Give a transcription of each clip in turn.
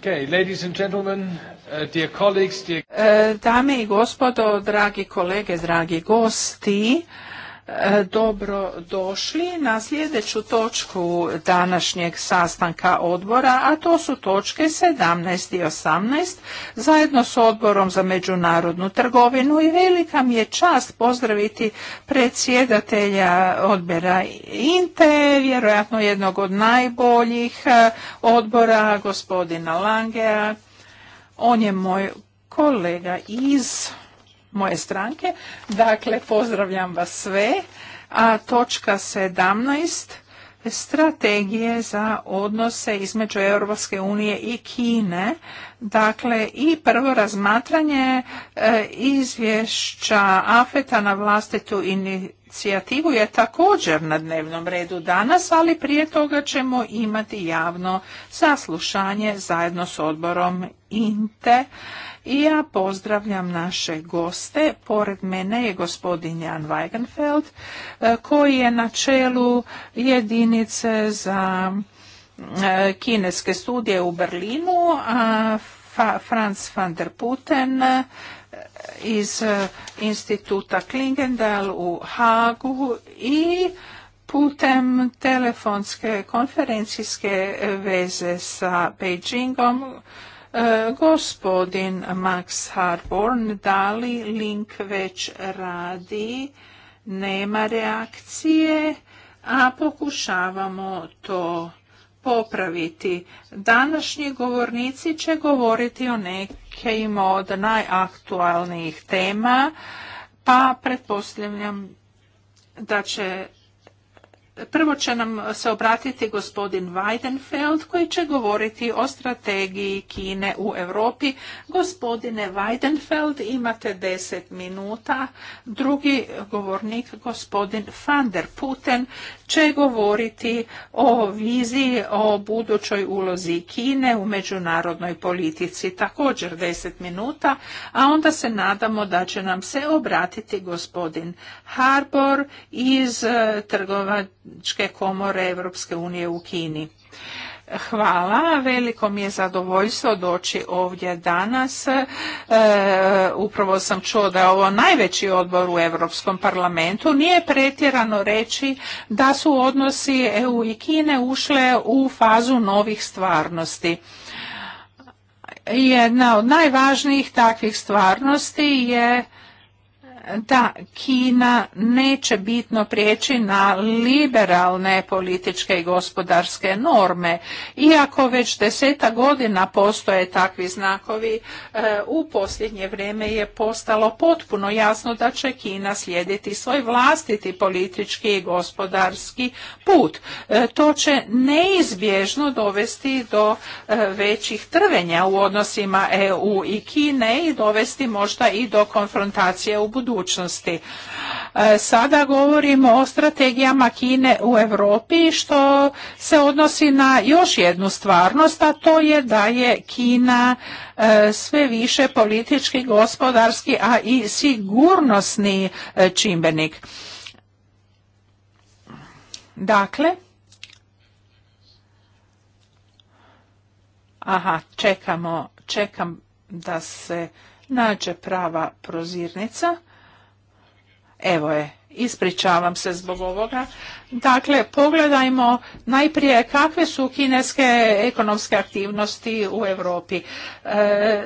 Okay, ladies and gentlemen, uh, dear colleagues, dear... E, dame i gospodo, dragi kolege, dragi gosti, E, dobro došli na sljedeću točku današnjeg sastanka odbora, a to su točke 17 i 18, zajedno s odborom za međunarodnu trgovinu i velika mi je čast pozdraviti predsjedatelja odbora INTE, vjerojatno jednog od najboljih e, odbora, gospodina Langea. On je moj kolega iz moje stranke. Dakle, pozdravljam vas sve. A točka 17 strategije za odnose između Europske unije i Kine. Dakle, i prvo razmatranje e, izvješća AFETA na vlastitu inicijativu je također na dnevnom redu danas, ali prije toga ćemo imati javno saslušanje zajedno s odborom INTE i ja pozdravljam naše goste. Pored mene je gospodin Jan Weigenfeld e, koji je na čelu jedinice za e, kineske studije u Berlinu, a Franz van der Putten e, iz instituta Klingendal u Hagu i putem telefonske konferencijske veze sa Beijingom E, gospodin Max Harborn, da li link već radi? Nema reakcije, a pokušavamo to popraviti. Današnji govornici će govoriti o nekim od najaktualnijih tema, pa pretpostavljam da će Prvo će nam se obratiti gospodin Weidenfeld koji će govoriti o strategiji Kine u Europi. Gospodine Weidenfeld imate deset minuta. Drugi govornik, gospodin van der Putten, će govoriti o viziji o budućoj ulozi Kine u međunarodnoj politici, također deset minuta, a onda se nadamo da će nam se obratiti gospodin Harbor iz eh, trgova komore Europske unije u Kini. Hvala, veliko mi je zadovoljstvo doći ovdje danas. E, upravo sam čuo da je ovo najveći odbor u Europskom parlamentu. Nije pretjerano reći da su odnosi EU i Kine ušle u fazu novih stvarnosti. Jedna od najvažnijih takvih stvarnosti je da Kina neće bitno prijeći na liberalne političke i gospodarske norme. Iako već deseta godina postoje takvi znakovi, e, u posljednje vrijeme je postalo potpuno jasno da će Kina slijediti svoj vlastiti politički i gospodarski put. E, to će neizbježno dovesti do e, većih trvenja u odnosima EU i Kine i dovesti možda i do konfrontacije u budućnosti budućnosti. E, sada govorimo o strategijama Kine u Europi što se odnosi na još jednu stvarnost, a to je da je Kina e, sve više politički, gospodarski, a i sigurnosni e, čimbenik. Dakle, aha, čekamo, čekam da se nađe prava prozirnica. Evo je, ispričavam se zbog ovoga. Dakle, pogledajmo najprije kakve su kineske ekonomske aktivnosti u Europi. E,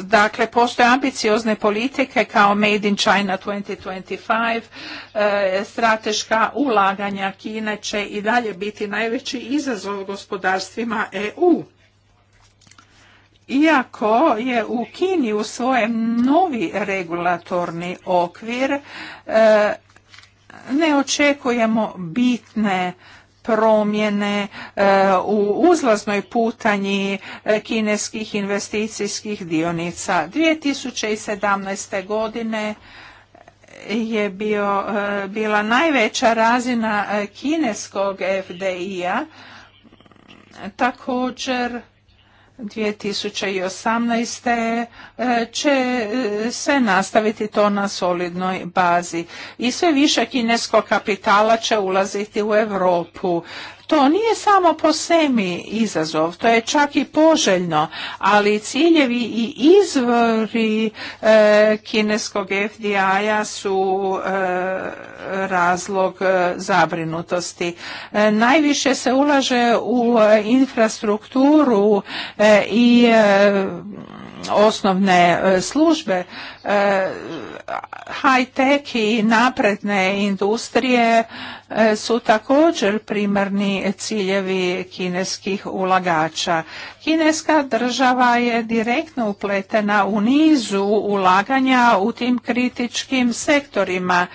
dakle, postoje ambiciozne politike kao Made in China 2025, e, strateška ulaganja Kine će i dalje biti najveći izazov gospodarstvima EU. Iako je u Kini u svojem novi regulatorni okvir e, ne očekujemo bitne promjene e, u uzlaznoj putanji e, kineskih investicijskih dionica. 2017. godine je bio, bila najveća razina kineskog FDI-a. Također 2018. Eh, će eh, se nastaviti to na solidnoj bazi. I sve više kineskog kapitala će ulaziti u Europu. To nije samo po sebi izazov, to je čak i poželjno, ali ciljevi i izvori e, kineskog FDI-a su e, razlog e, zabrinutosti. najviše se ulaže u infrastrukturu i osnovne e, službe. E, high-tech i napredne industrije e, su također primarni ciljevi kineskih ulagača. Kineska država je direktno upletena u nizu ulaganja u tim kritičkim sektorima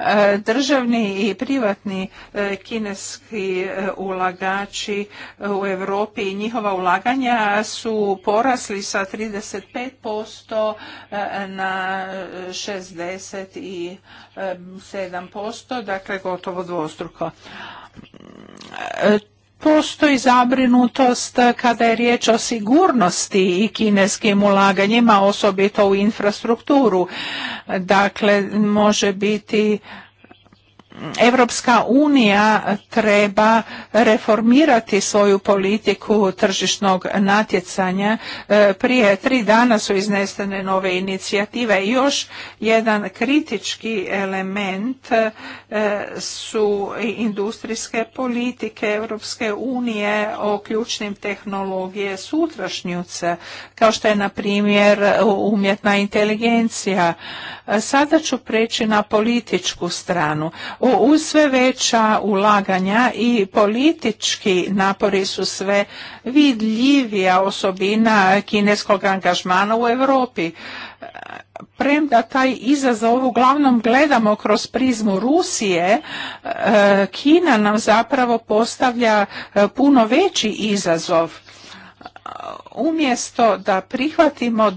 E, državni i privatni e, kineski e, ulagači u Europi i njihova ulaganja su porasli sa 35% na 67%, dakle gotovo dvostruko postoji zabrinutost kada je riječ o sigurnosti i kineskim ulaganjima, osobito u infrastrukturu. Dakle, može biti Europska unija treba reformirati svoju politiku tržišnog natjecanja. E, prije tri dana su iznesene nove inicijative. Još jedan kritički element e, su industrijske politike Europske unije o ključnim tehnologije sutrašnjuce, kao što je na primjer umjetna inteligencija. E, sada ću preći na političku stranu. U uz sve veća ulaganja i politički napori su sve vidljivija osobina kineskog angažmana u Europi. Premda taj izazov uglavnom gledamo kroz prizmu Rusije, e, Kina nam zapravo postavlja e, puno veći izazov umjesto da prihvatimo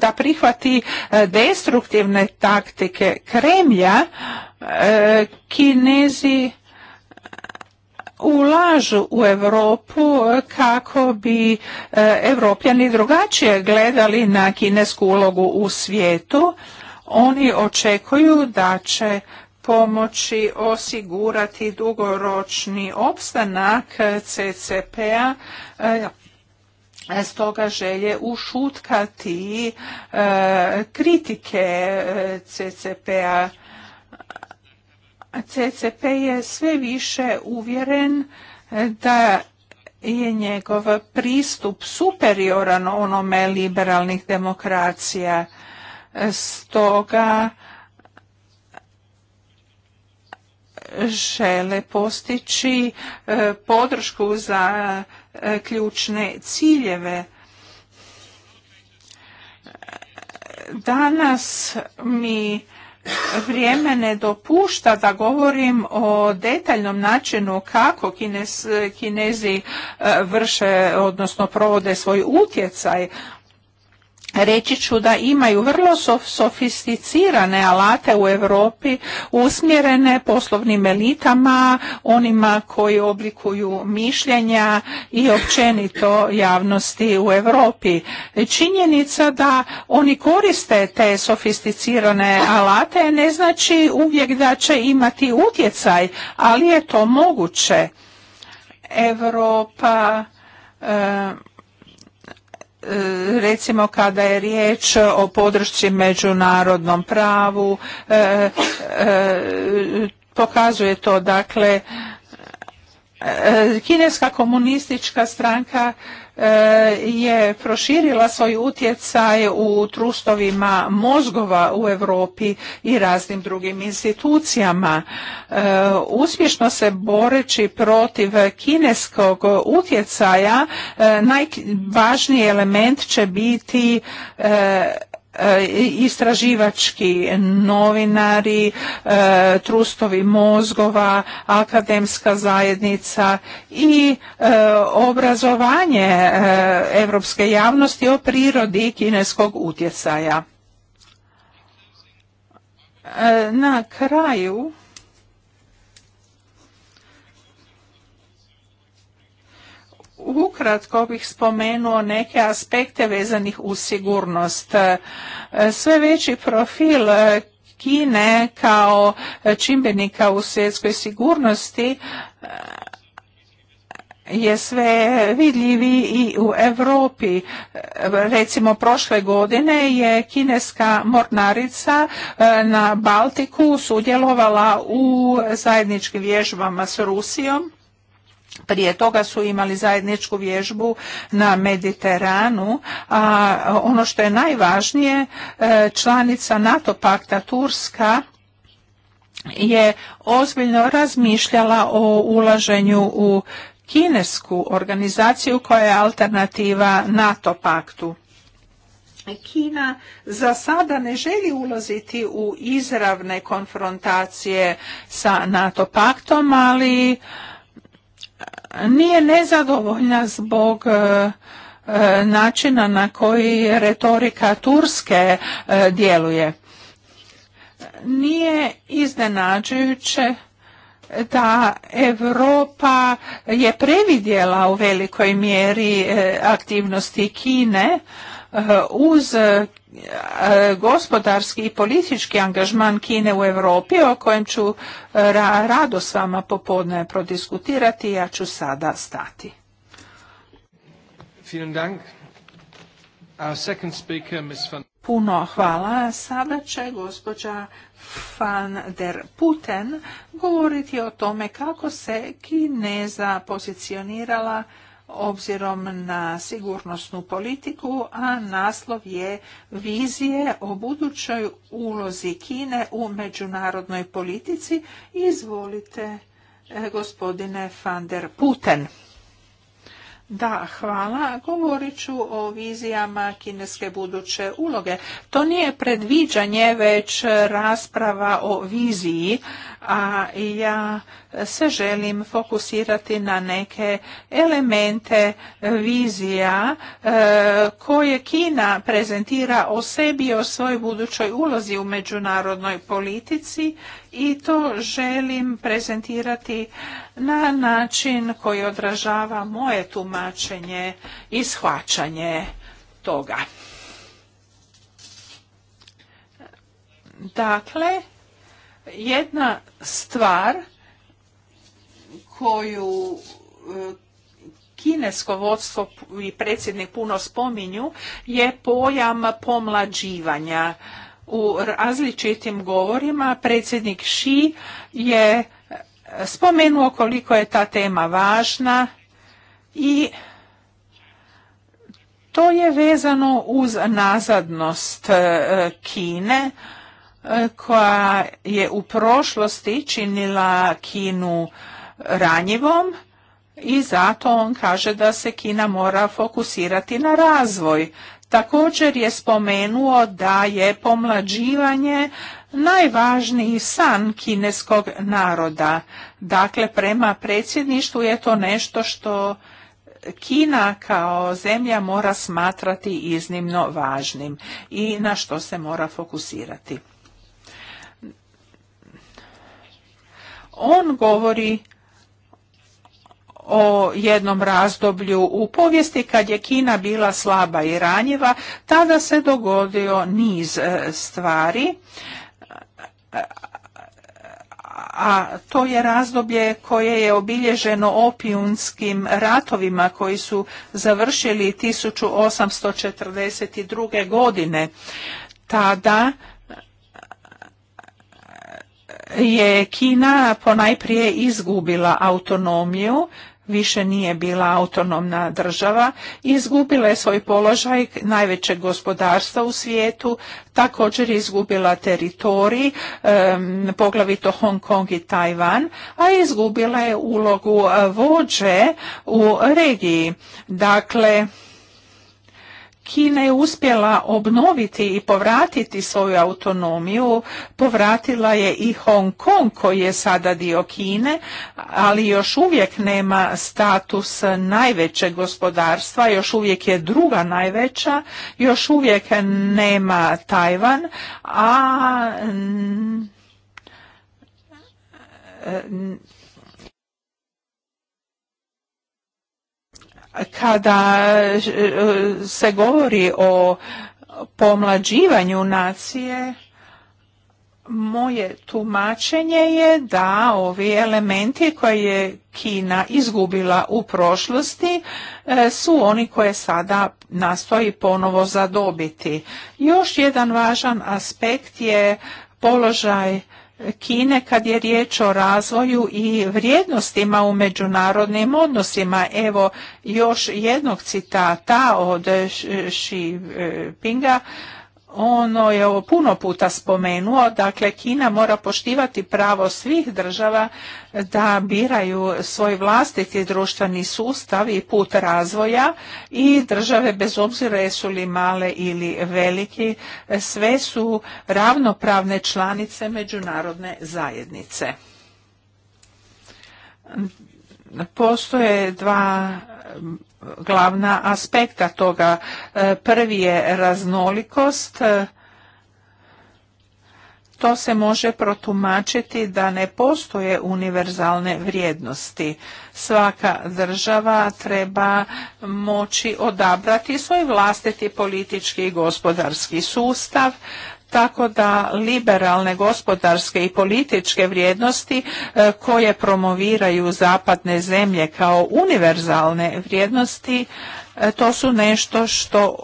da prihvati e, destruktivne taktike Kremlja, e, Kinezi e, ulažu u Europu kako bi Evropljani drugačije gledali na kinesku ulogu u svijetu. Oni očekuju da će pomoći osigurati dugoročni opstanak CCP-a stoga želje ušutkati e, kritike e, CCP-a. CCP je sve više uvjeren e, da je njegov pristup superioran onome liberalnih demokracija. Stoga žele postići e, podršku za e, ključne ciljeve. Danas mi vrijeme ne dopušta da govorim o detaljnom načinu kako kinez, kinezi e, vrše, odnosno provode svoj utjecaj, reći ću da imaju vrlo sofisticirane alate u Europi usmjerene poslovnim elitama, onima koji oblikuju mišljenja i općenito javnosti u Europi. Činjenica da oni koriste te sofisticirane alate ne znači uvijek da će imati utjecaj, ali je to moguće. Europa e, E, recimo kada je riječ o podršci međunarodnom pravu e, e, pokazuje to dakle kineska komunistička stranka Eh, je proširila svoj utjecaj u trustovima mozgova u Europi i raznim drugim institucijama. Eh, uspješno se boreći protiv kineskog utjecaja eh, najvažniji element će biti E, istraživački novinari, e, trustovi mozgova, akademska zajednica i e, obrazovanje europske javnosti o prirodi kineskog utjecaja. Na kraju Ukratko bih spomenuo neke aspekte vezanih uz sigurnost. E, sve veći profil e, Kine kao čimbenika u svjetskoj sigurnosti e, je sve vidljivi i u Europi. Recimo prošle godine je kineska mornarica na Baltiku sudjelovala u zajedničkim vježbama s Rusijom prije toga su imali zajedničku vježbu na Mediteranu, a ono što je najvažnije, e, članica NATO pakta Turska je ozbiljno razmišljala o ulaženju u kinesku organizaciju koja je alternativa NATO paktu. Kina za sada ne želi ulaziti u izravne konfrontacije sa NATO paktom, ali nije nezadovoljna zbog e, e, načina na koji retorika Turske e, djeluje. Nije iznenađujuće da Europa je previdjela u velikoj mjeri aktivnosti Kine, Eh, uz eh, eh, gospodarski i politički angažman Kine u Europi o kojem ću rado s vama popodne prodiskutirati. Ja ću sada stati. Puno hvala. Sada će gospođa Van der Putten govoriti o tome kako se Kineza pozicionirala obzirom na sigurnosnu politiku, a naslov je Vizije o budućoj ulozi Kine u međunarodnoj politici. Izvolite, e, gospodine van der Puten. Da, hvala. Govorit ću o vizijama kineske buduće uloge. To nije predviđanje, već rasprava o viziji a ja se želim fokusirati na neke elemente e, vizija e, koje Kina prezentira o sebi i o svojoj budućoj ulozi u međunarodnoj politici i to želim prezentirati na način koji odražava moje tumačenje i shvaćanje toga. Dakle, jedna stvar koju e, kinesko vodstvo i predsjednik puno spominju je pojam pomlađivanja. U različitim govorima predsjednik Xi je spomenuo koliko je ta tema važna i to je vezano uz nazadnost e, Kine, koja je u prošlosti činila Kinu ranjivom i zato on kaže da se Kina mora fokusirati na razvoj. Također je spomenuo da je pomlađivanje najvažniji san kineskog naroda. Dakle, prema predsjedništvu je to nešto što Kina kao zemlja mora smatrati iznimno važnim i na što se mora fokusirati. on govori o jednom razdoblju u povijesti kad je Kina bila slaba i ranjiva, tada se dogodio niz e, stvari, e, a to je razdoblje koje je obilježeno opijunskim ratovima koji su završili 1842. godine. Tada je Kina ponajprije izgubila autonomiju, više nije bila autonomna država, izgubila je svoj položaj najvećeg gospodarstva u svijetu, također izgubila teritorij, poglavito Hong Kong i Tajvan, a izgubila je ulogu eh, vođe u regiji. Dakle, Kina je uspjela obnoviti i povratiti svoju autonomiju, povratila je i Hong Kong koji je sada dio Kine, ali još uvijek nema status najvećeg gospodarstva, još uvijek je druga najveća, još uvijek nema Tajvan, a Kada eh, se govori o pomlađivanju nacije, moje tumačenje je da ovi elementi koje je Kina izgubila u prošlosti eh, su oni koje sada nastoji ponovo zadobiti. Još jedan važan aspekt je položaj Kine kad je riječ o razvoju i vrijednostima u međunarodnim odnosima. Evo još jednog citata od Xi Pinga ono je ovo puno puta spomenuo, dakle Kina mora poštivati pravo svih država da biraju svoj vlastiti društveni sustav i put razvoja i države bez obzira jesu li male ili veliki, sve su ravnopravne članice međunarodne zajednice. Postoje dva glavna aspekta toga. E, prvi je raznolikost. E, to se može protumačiti da ne postoje univerzalne vrijednosti. Svaka država treba moći odabrati svoj vlastiti politički i gospodarski sustav tako da liberalne gospodarske i političke vrijednosti e, koje promoviraju zapadne zemlje kao univerzalne vrijednosti e, to su nešto što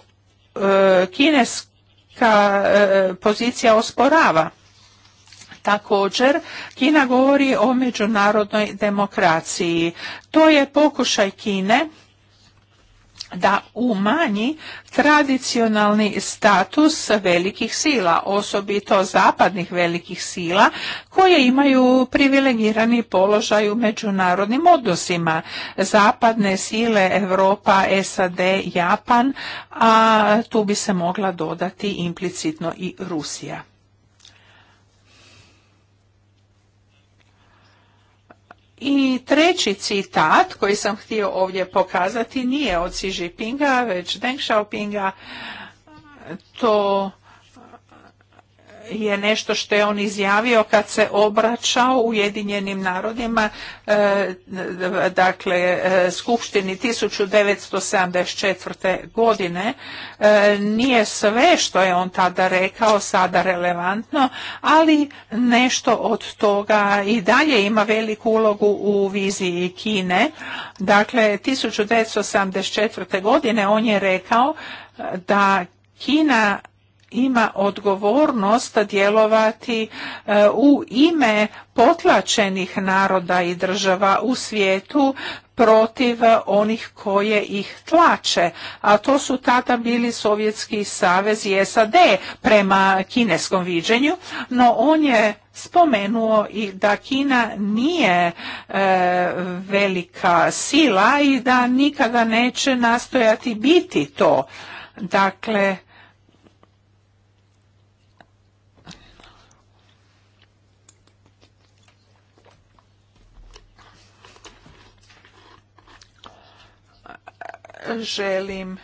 e, kineska pozicija osporava Također, Kina govori o međunarodnoj demokraciji. To je pokušaj Kine da umanji tradicionalni status velikih sila, osobito zapadnih velikih sila koje imaju privilegirani položaj u međunarodnim odnosima. Zapadne sile Europa, SAD, Japan, a tu bi se mogla dodati implicitno i Rusija. I treći citat koji sam htio ovdje pokazati nije od Xi Jinpinga, već Deng Xiaopinga. To je nešto što je on izjavio kad se obraćao Ujedinjenim narodima, e, dakle e, Skupštini 1974. godine. E, nije sve što je on tada rekao sada relevantno, ali nešto od toga i dalje ima veliku ulogu u viziji Kine. Dakle, 1974. godine on je rekao da Kina ima odgovornost djelovati e, u ime potlačenih naroda i država u svijetu protiv onih koje ih tlače, a to su tada bili Sovjetski savez i SAD prema kineskom viđenju, no on je spomenuo i da Kina nije e, velika sila i da nikada neće nastojati biti to. Dakle, želim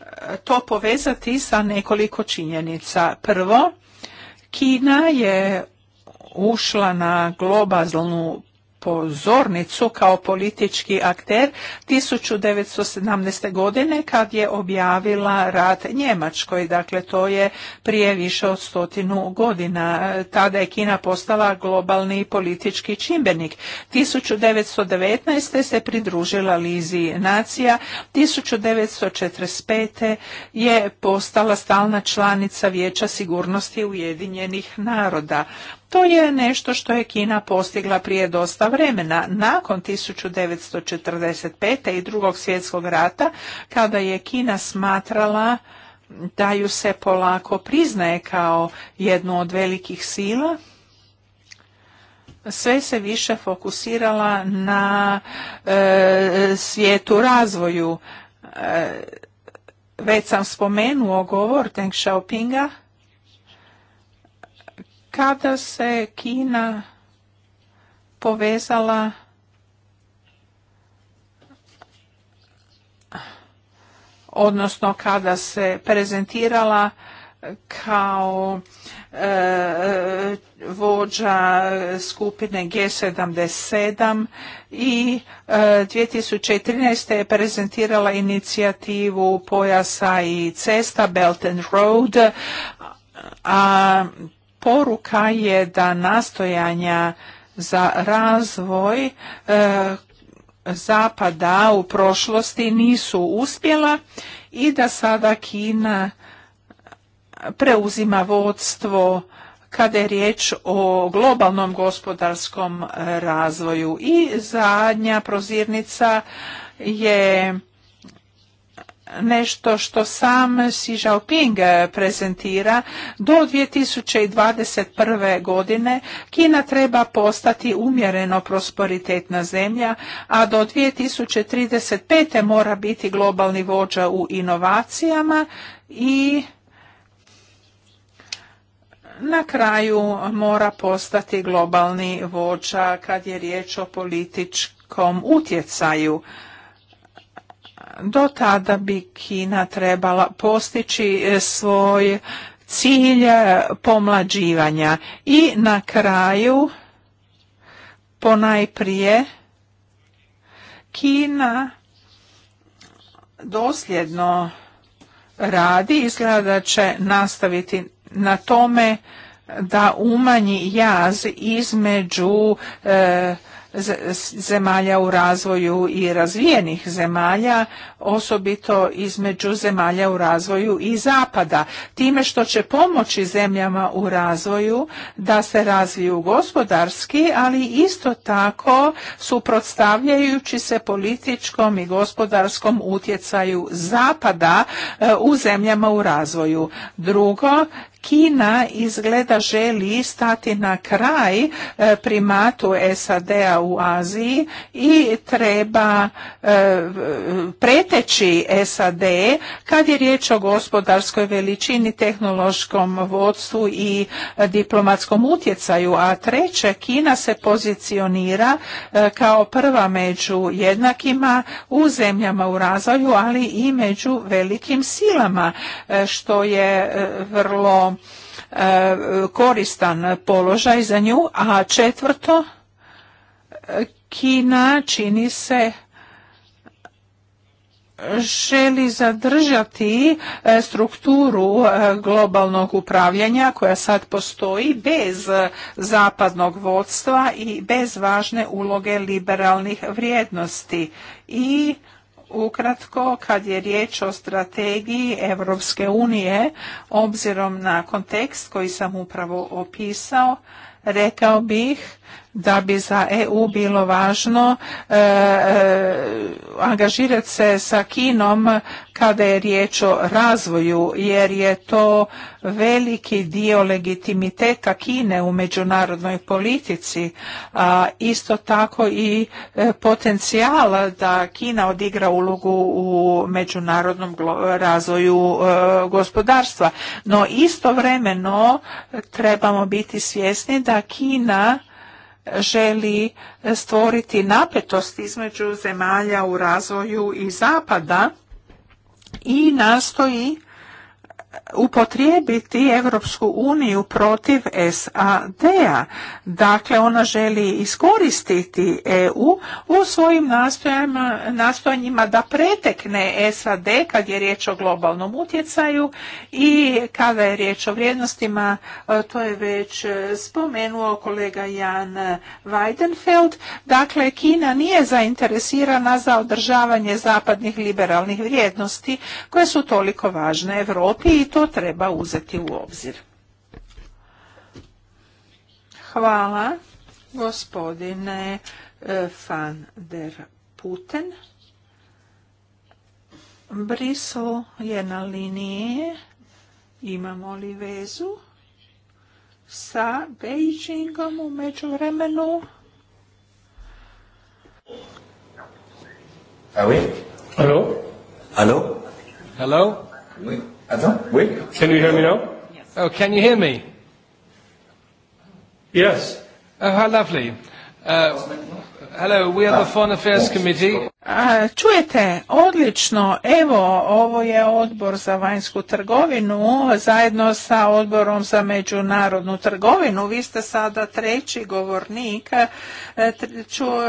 e, to povezati sa nekoliko činjenica. Prvo, Kina je ušla na globalnu pozornicu kao politički akter 1917. godine kad je objavila rad Njemačkoj. Dakle, to je prije više od stotinu godina. Tada je Kina postala globalni politički čimbenik. 1919. se pridružila Lizi nacija. 1945. je postala stalna članica Vijeća sigurnosti Ujedinjenih naroda. To je nešto što je Kina postigla prije dosta vremena, nakon 1945. i drugog svjetskog rata, kada je Kina smatrala da ju se polako priznaje kao jednu od velikih sila, sve se više fokusirala na e, svijetu razvoju. E, već sam spomenuo govor Deng Xiaopinga kada se Kina povezala odnosno kada se prezentirala kao e, vođa skupine G77 i e, 2013. je prezentirala inicijativu pojasa i cesta Belt and Road, a poruka je da nastojanja za razvoj e, zapada u prošlosti nisu uspjela i da sada Kina preuzima vodstvo kada je riječ o globalnom gospodarskom razvoju. I zadnja prozirnica je nešto što sam Xi Jinping prezentira, do 2021. godine Kina treba postati umjereno prosperitetna zemlja, a do 2035. mora biti globalni vođa u inovacijama i na kraju mora postati globalni vođa kad je riječ o političkom utjecaju. Do tada bi Kina trebala postići e, svoj cilj e, pomlađivanja. I na kraju, ponajprije, Kina dosljedno radi, izgleda da će nastaviti na tome da umanji jaz između e, zemalja u razvoju i razvijenih zemalja, osobito između zemalja u razvoju i zapada. Time što će pomoći zemljama u razvoju da se razviju gospodarski, ali isto tako suprotstavljajući se političkom i gospodarskom utjecaju zapada e, u zemljama u razvoju. Drugo, Kina izgleda želi stati na kraj e, primatu SAD-a u Aziji i treba e, preteći SAD kad je riječ o gospodarskoj veličini, tehnološkom vodstvu i diplomatskom utjecaju, a treće Kina se pozicionira e, kao prva među jednakima u zemljama u razvoju, ali i među velikim silama, što je vrlo koristan položaj za nju, a četvrto, Kina čini se želi zadržati e, strukturu e, globalnog upravljanja koja sad postoji bez zapadnog vodstva i bez važne uloge liberalnih vrijednosti i Ukratko, kad je riječ o strategiji Europske unije, obzirom na kontekst koji sam upravo opisao, rekao bih da bi za EU bilo važno e, e, angažirati se sa Kinom kada je riječ o razvoju jer je to veliki dio legitimiteta Kine u međunarodnoj politici, a isto tako i e, potencijal da Kina odigra ulogu u međunarodnom razvoju gospodarstva. No istovremeno trebamo biti svjesni da Kina želi stvoriti napetost između zemalja u razvoju i zapada i nastoji upotrijebiti Europsku uniju protiv SAD-a. Dakle, ona želi iskoristiti EU u svojim nastojanjima da pretekne SAD kad je riječ o globalnom utjecaju i kada je riječ o vrijednostima, e, to je već e, spomenuo kolega Jan Weidenfeld. Dakle, Kina nije zainteresirana za održavanje zapadnih liberalnih vrijednosti koje su toliko važne Europi to treba uzeti u obzir. Hvala gospodine e, van der Puten. Briso je na linije. Imamo li vezu sa Beijingom u međuvremenu? A oui? Hello? Attends, oui. Can you hear me now? Yes. Oh, can you hear me? Yes. Oh, how lovely. Uh, hello, we are the Foreign Affairs Committee čujete, odlično, evo, ovo je odbor za vanjsku trgovinu zajedno sa odborom za međunarodnu trgovinu. Vi ste sada treći govornik. E,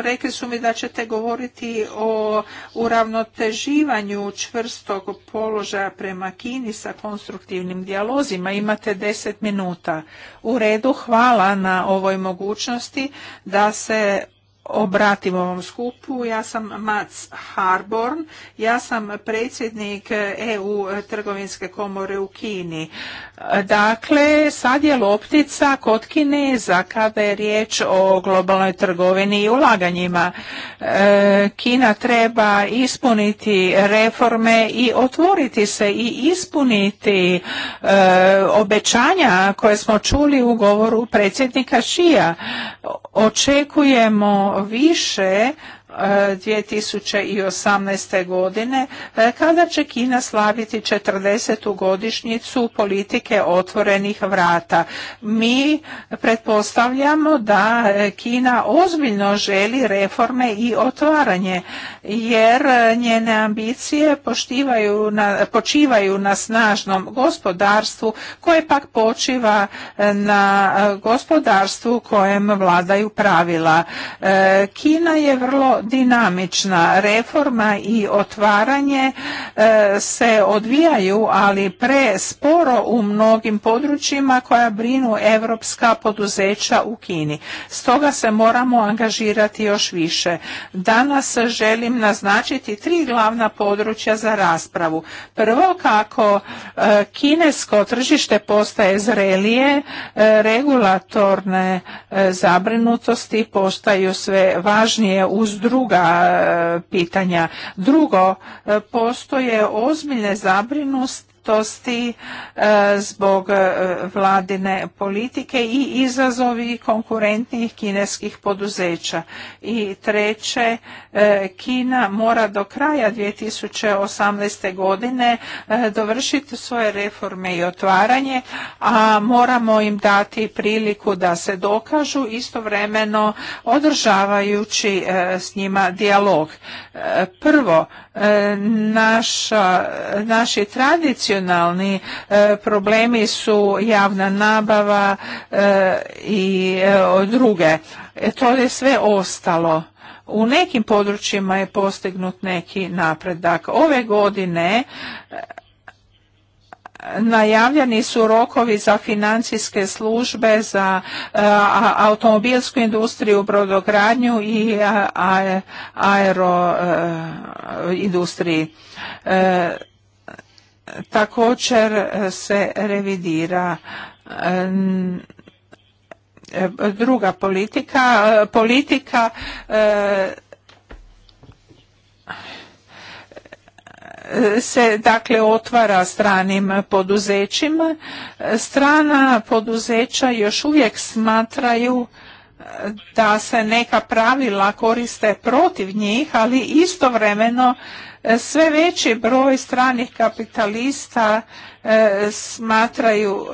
rekli su mi da ćete govoriti o uravnoteživanju čvrstog položaja prema Kini sa konstruktivnim dijalozima. Imate deset minuta. U redu, hvala na ovoj mogućnosti da se obratim ovom skupu. Ja sam Mats Harborn, ja sam predsjednik EU trgovinske komore u Kini. Dakle, sad je loptica kod Kineza kada je riječ o globalnoj trgovini i ulaganjima. E, Kina treba ispuniti reforme i otvoriti se i ispuniti e, obećanja koje smo čuli u govoru predsjednika Šija. Očekujemo više 2018. godine e, kada će Kina slaviti 40. godišnjicu politike otvorenih vrata. Mi pretpostavljamo da e, Kina ozbiljno želi reforme i otvaranje jer e, njene ambicije na, počivaju na snažnom gospodarstvu koje pak počiva na gospodarstvu kojem vladaju pravila. Kina je vrlo dinamična. Reforma i otvaranje e, se odvijaju, ali presporo u mnogim područjima koja brinu europska poduzeća u Kini. Stoga se moramo angažirati još više. Danas želim naznačiti tri glavna područja za raspravu. Prvo, kako e, kinesko tržište postaje zrelije, e, regulatorne zabrinutosti postaju sve važnije uz druge druga e, pitanja. Drugo, e, postoje ozbiljne zabrinosti E, zbog e, vladine politike i izazovi konkurentnih kineskih poduzeća. I treće, e, Kina mora do kraja 2018. godine dovršiti svoje reforme i otvaranje, a moramo im dati priliku da se dokažu istovremeno održavajući s njima dijalog. Prvo, naši tradicionalni nacionalni e, problemi su javna nabava e, i e, druge. To je sve ostalo. U nekim područjima je postignut neki napredak. Ove godine najavljeni su rokovi za financijske službe za automobilsku industriju, brodogradnju i a, aero također e, se revidira e, e, druga politika, politika se dakle otvara stranim poduzećima. Strana poduzeća još uvijek smatraju da se neka pravila koriste protiv njih, ali istovremeno sve veći broj stranih kapitalista e, smatraju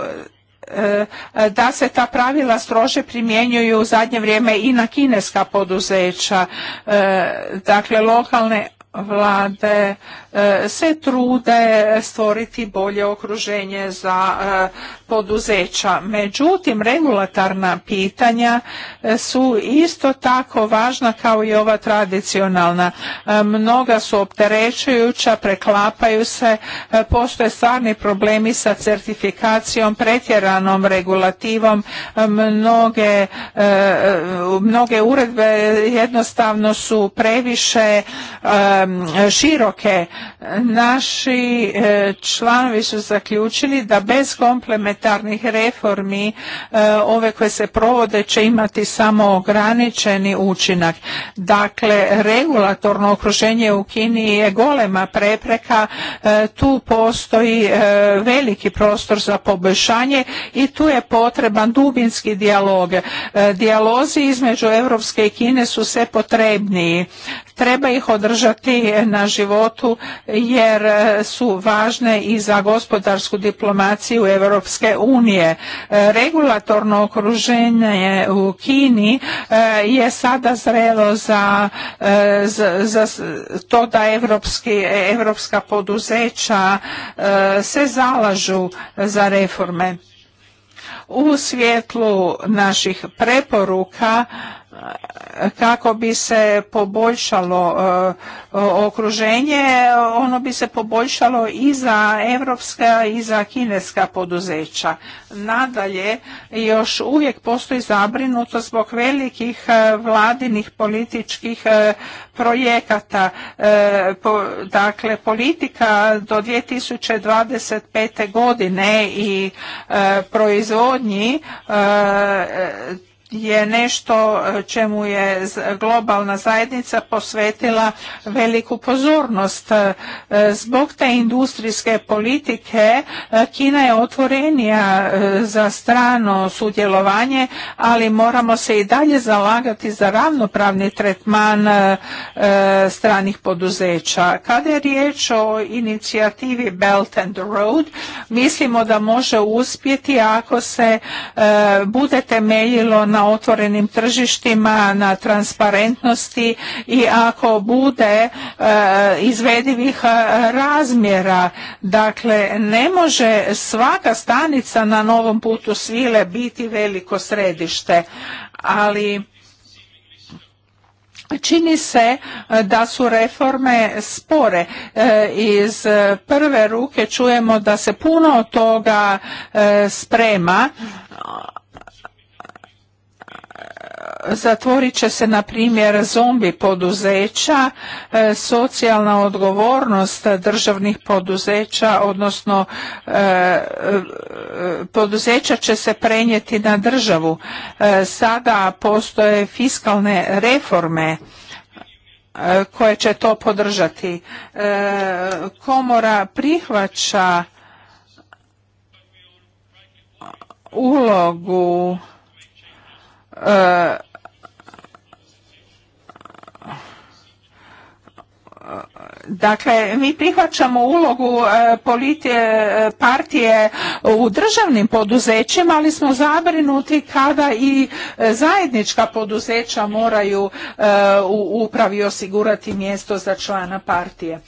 e, da se ta pravila strože primjenjuju u zadnje vrijeme i na kineska poduzeća. E, dakle, lokalne vlade E, se trude stvoriti bolje okruženje za e, poduzeća. Međutim, regulatorna pitanja e, su isto tako važna kao i ova tradicionalna. Mnoga su opterećujuća, preklapaju se, postoje stvarni problemi sa certifikacijom, pretjeranom regulativom, mnoge, mnoge uredbe jednostavno su previše široke naši e, članovi su zaključili da bez komplementarnih reformi e, ove koje se provode će imati samo ograničeni učinak. Dakle, regulatorno okruženje u Kini je golema prepreka, e, tu postoji veliki prostor za poboljšanje i tu je potreban dubinski dijalog. Dijalozi između Europske i Kine su sve potrebniji. Treba ih održati na životu jer su važne i za gospodarsku diplomaciju Europske unije. Regulatorno okruženje u Kini eh, je sada zrelo za, eh, za, za to da evropski, evropska poduzeća eh, se zalažu za reforme. U svjetlu naših preporuka kako bi se poboljšalo e, okruženje, ono bi se poboljšalo i za evropska i za kineska poduzeća. Nadalje, još uvijek postoji zabrinuto zbog velikih e, vladinih političkih e, projekata. Dakle, politika do 2025. godine i proizvodnji je nešto e, čemu je globalna zajednica posvetila veliku pozornost. E, zbog te industrijske politike e, Kina je otvorenija za strano sudjelovanje, ali moramo se i dalje zalagati za ravnopravni tretman stranih poduzeća. Kada je riječ o inicijativi Belt and Road, mislimo da može uspjeti ako se bude temeljilo na otvorenim tržištima, na transparentnosti i ako bude e, izvedivih e, razmjera. Dakle, ne može svaka stanica na novom putu svile biti veliko središte, ali čini se e, da su reforme spore. Iz prve ruke čujemo da se puno toga sprema, zatvorit će se na primjer zombi poduzeća, e, socijalna odgovornost državnih poduzeća, odnosno e, e, poduzeća će se prenijeti na državu. Sada postoje fiskalne reforme koje će to podržati. Komora prihvaća ulogu Dakle, mi prihvaćamo ulogu e, politije, partije u državnim poduzećima, ali smo zabrinuti kada i e, zajednička poduzeća moraju e, u upravi osigurati mjesto za člana partije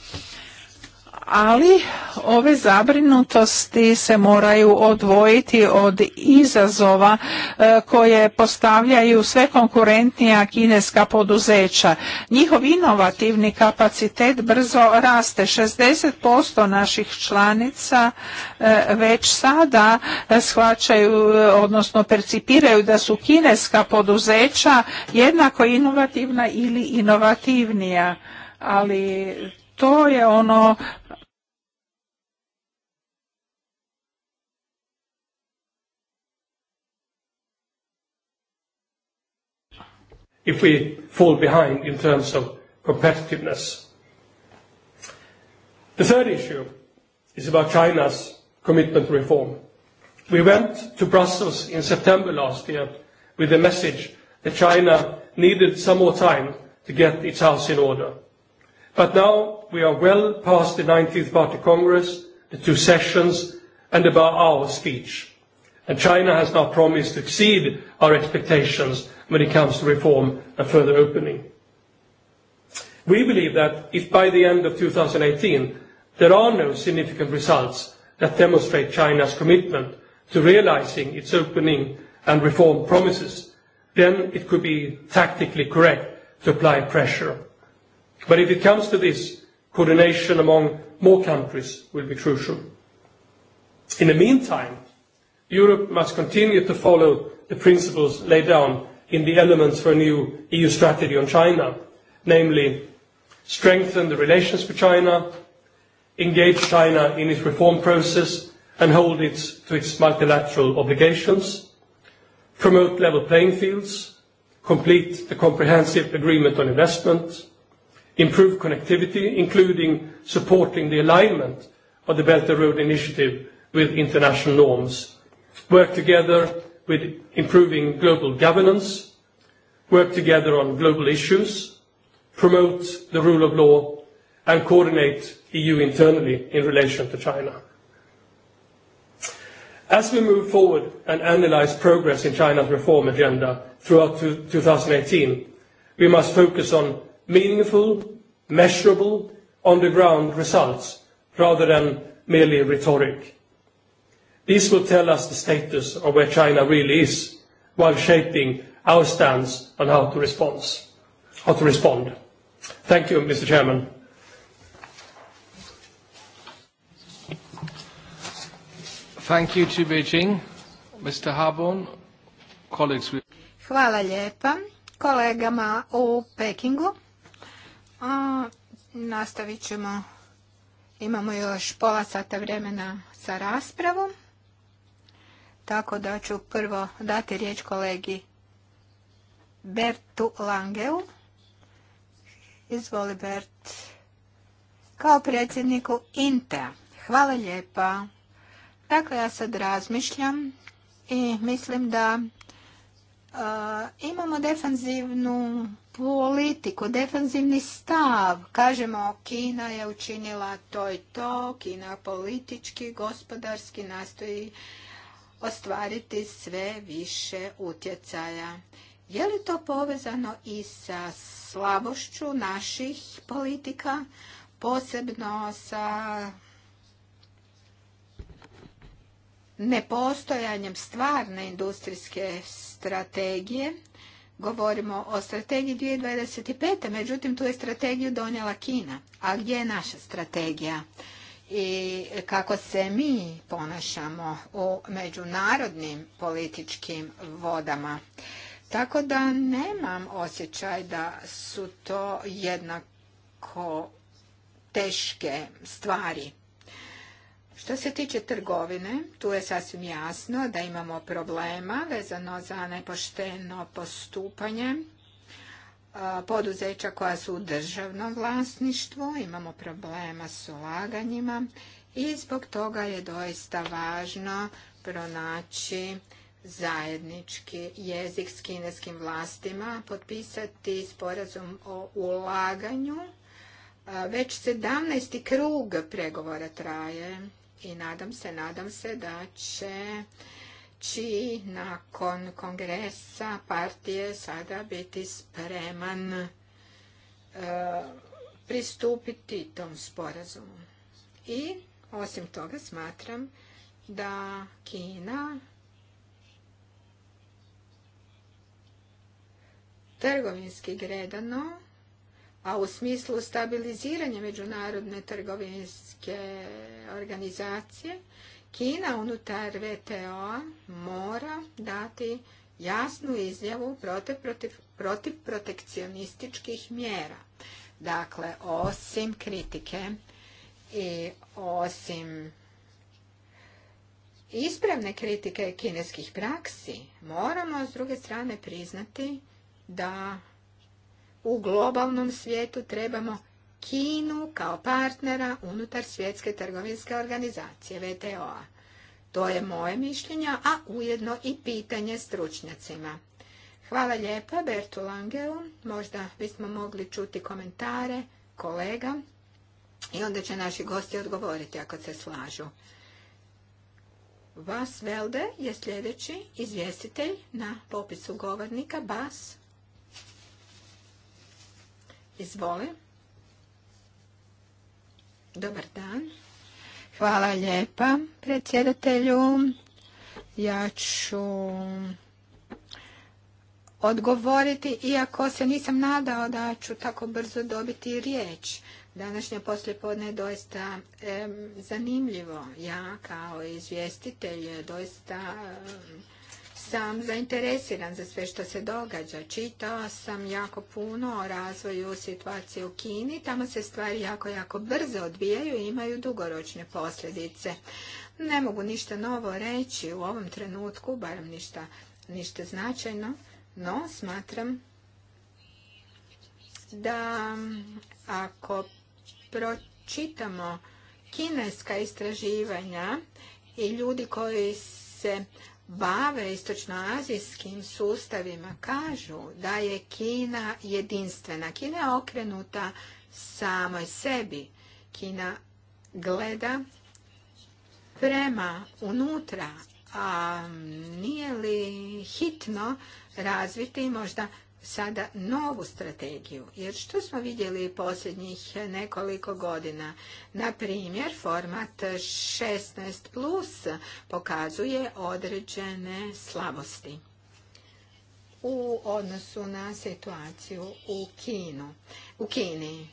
ali ove zabrinutosti se moraju odvojiti od izazova e, koje postavljaju sve konkurentnija kineska poduzeća. Njihov inovativni kapacitet brzo raste. 60% naših članica e, već sada shvaćaju, odnosno percipiraju da su kineska poduzeća jednako inovativna ili inovativnija. Ali to je ono if we fall behind in terms of competitiveness. The third issue is about China's commitment to reform. We went to Brussels in September last year with the message that China needed some more time to get its house in order. But now we are well past the 19th Party Congress, the two sessions, and about our speech and China has now promised to exceed our expectations when it comes to reform and further opening. We believe that if by the end of 2018 there are no significant results that demonstrate China's commitment to realizing its opening and reform promises, then it could be tactically correct to apply pressure. But if it comes to this, coordination among more countries will be crucial. In the meantime, Europe must continue to follow the principles laid down in the elements for a new EU strategy on China, namely strengthen the relations with China, engage China in its reform process and hold it to its multilateral obligations, promote level playing fields, complete the comprehensive agreement on investment, improve connectivity, including supporting the alignment of the Belt and Road Initiative with international norms work together with improving global governance, work together on global issues, promote the rule of law, and coordinate EU internally in relation to China. As we move forward and analyze progress in China's reform agenda throughout 2018, we must focus on meaningful, measurable, on-the-ground results rather than merely rhetoric. This will tell us the status of where China really is while shaping our stance on how to respond. How to respond. Thank you, Mr. Chairman. Thank you to Beijing. Mr. Harborn, colleagues. Hvala lijepa kolegama u Pekingu. A, nastavit ćemo. Imamo još pola sata vremena za raspravu tako da ću prvo dati riječ kolegi Bertu Langeu. Izvoli Bert. Kao predsjedniku inte Hvala lijepa. Dakle, ja sad razmišljam i mislim da imamo defanzivnu politiku, defanzivni stav. Kažemo Kina je učinila to i to, Kina politički, gospodarski nastoji ostvariti sve više utjecaja. Je li to povezano i sa slabošću naših politika, posebno sa nepostojanjem stvarne industrijske strategije? Govorimo o strategiji 2025. Međutim, tu je strategiju donijela Kina. A gdje je naša strategija? i kako se mi ponašamo u međunarodnim političkim vodama. Tako da nemam osjećaj da su to jednako teške stvari. Što se tiče trgovine, tu je sasvim jasno da imamo problema vezano za nepošteno postupanje poduzeća koja su u državnom vlasništvu, imamo problema s ulaganjima i zbog toga je doista važno pronaći zajednički jezik s kineskim vlastima, potpisati sporazum o ulaganju. Već 17. krug pregovora traje i nadam se, nadam se da će Či nakon kongresa partije sada biti spreman e, pristupiti tom sporazumu. I osim toga smatram da Kina trgovinski gredano, a u smislu stabiliziranja međunarodne trgovinske organizacije, Kina unutar VTO mora dati jasnu izjavu protiv protekcionističkih mjera. Dakle, osim kritike i osim ispravne kritike kineskih praksi, moramo s druge strane priznati da u globalnom svijetu trebamo Kinu kao partnera unutar svjetske trgovinske organizacije VTO-a. To je moje mišljenje, a ujedno i pitanje stručnjacima. Hvala lijepa Bertu Langeu. Možda bismo mogli čuti komentare kolega i onda će naši gosti odgovoriti ako se slažu. Vas Velde je sljedeći izvjestitelj na popisu govornika. Bas. Izvolim. Dobar dan. Hvala lijepa predsjedatelju. Ja ću odgovoriti, iako se nisam nadao da ću tako brzo dobiti riječ. Današnje poslijepodne je doista zanimljivo. Ja kao izvjestitelj doista sam zainteresiran za sve što se događa. Čitao sam jako puno o razvoju situacije u Kini. Tamo se stvari jako, jako brzo odvijaju i imaju dugoročne posljedice. Ne mogu ništa novo reći u ovom trenutku, barem ništa, ništa značajno, no smatram da ako pročitamo kineska istraživanja i ljudi koji se bave istočnoazijskim sustavima kažu da je Kina jedinstvena. Kina je okrenuta samoj sebi. Kina gleda prema unutra, a nije li hitno razviti možda sada novu strategiju. Jer što smo vidjeli posljednjih nekoliko godina? Na primjer, format 16 plus pokazuje određene slabosti u odnosu na situaciju u U Kini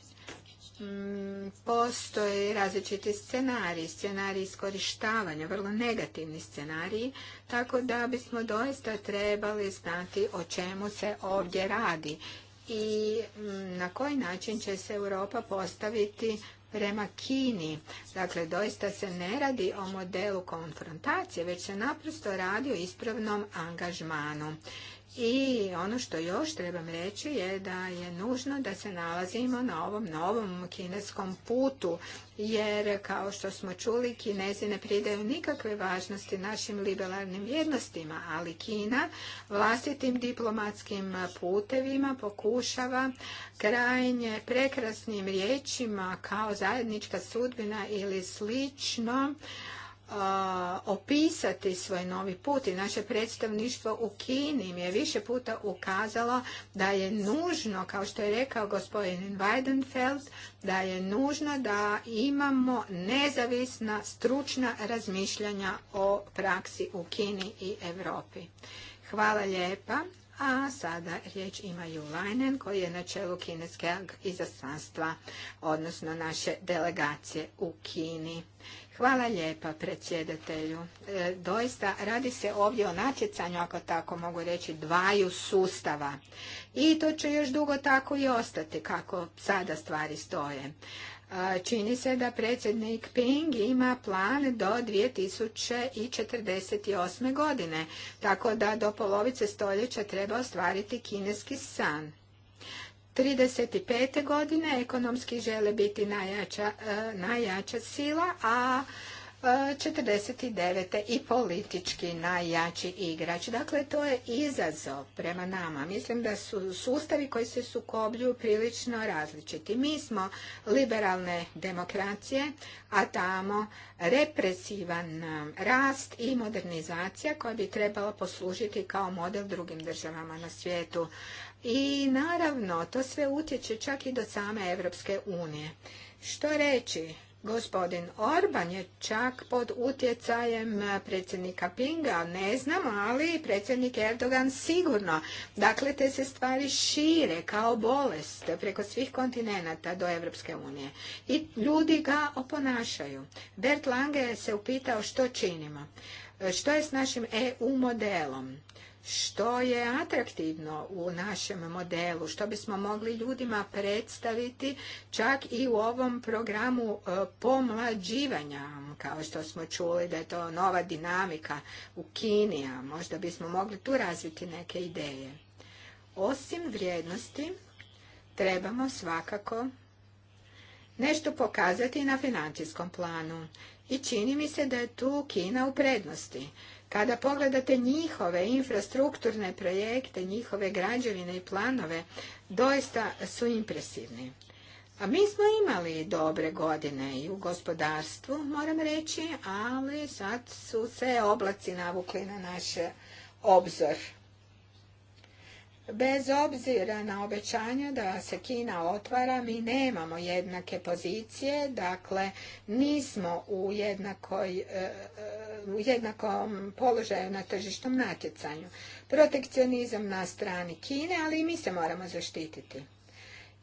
Mm, postoje različiti scenariji, scenariji iskorištavanja, vrlo negativni scenariji, tako da bismo doista trebali znati o čemu se ovdje radi i mm, na koji način će se Europa postaviti prema Kini. Dakle, doista se ne radi o modelu konfrontacije, već se naprosto radi o ispravnom angažmanu. I ono što još trebam reći je da je nužno da se nalazimo na ovom novom kineskom putu, jer kao što smo čuli, kinezi ne pridaju nikakve važnosti našim liberalnim vrijednostima, ali Kina vlastitim diplomatskim putevima pokušava krajnje prekrasnim riječima kao zajednička sudbina ili slično opisati svoj novi put i naše predstavništvo u Kini mi je više puta ukazalo da je nužno, kao što je rekao gospodin Weidenfeld, da je nužno da imamo nezavisna stručna razmišljanja o praksi u Kini i Europi. Hvala lijepa. A sada riječ ima Lajnen koji je na čelu kineskog izaslanstva, odnosno naše delegacije u Kini. Hvala lijepa predsjedatelju. E, doista radi se ovdje o natjecanju, ako tako mogu reći, dvaju sustava. I to će još dugo tako i ostati kako sada stvari stoje. E, čini se da predsjednik Ping ima plan do 2048. godine, tako da do polovice stoljeća treba ostvariti kineski san. 35. godine ekonomski žele biti najjača, e, najjača sila, a 49. E, i politički najjači igrač. Dakle, to je izazov prema nama. Mislim da su sustavi koji se sukoblju prilično različiti. Mi smo liberalne demokracije, a tamo represivan rast i modernizacija koja bi trebala poslužiti kao model drugim državama na svijetu. I naravno, to sve utječe čak i do same Evropske unije. Što reći? Gospodin Orban je čak pod utjecajem predsjednika Pinga, ne znam, ali predsjednik Erdogan sigurno. Dakle, te se stvari šire kao bolest preko svih kontinenata do Evropske unije. I ljudi ga oponašaju. Bert Lange se upitao što činimo. Što je s našim EU modelom? što je atraktivno u našem modelu, što bismo mogli ljudima predstaviti čak i u ovom programu e, pomlađivanja, kao što smo čuli da je to nova dinamika u Kini, a možda bismo mogli tu razviti neke ideje. Osim vrijednosti, trebamo svakako nešto pokazati na financijskom planu. I čini mi se da je tu Kina u prednosti. Kada pogledate njihove infrastrukturne projekte, njihove građevine i planove, doista su impresivni. A mi smo imali dobre godine i u gospodarstvu, moram reći, ali sad su se oblaci navukli na naš obzor. Bez obzira na obećanja da se Kina otvara, mi nemamo jednake pozicije, dakle nismo u, jednakoj, e, e, u jednakom položaju na tržišnom natjecanju. Protekcionizam na strani Kine, ali i mi se moramo zaštititi.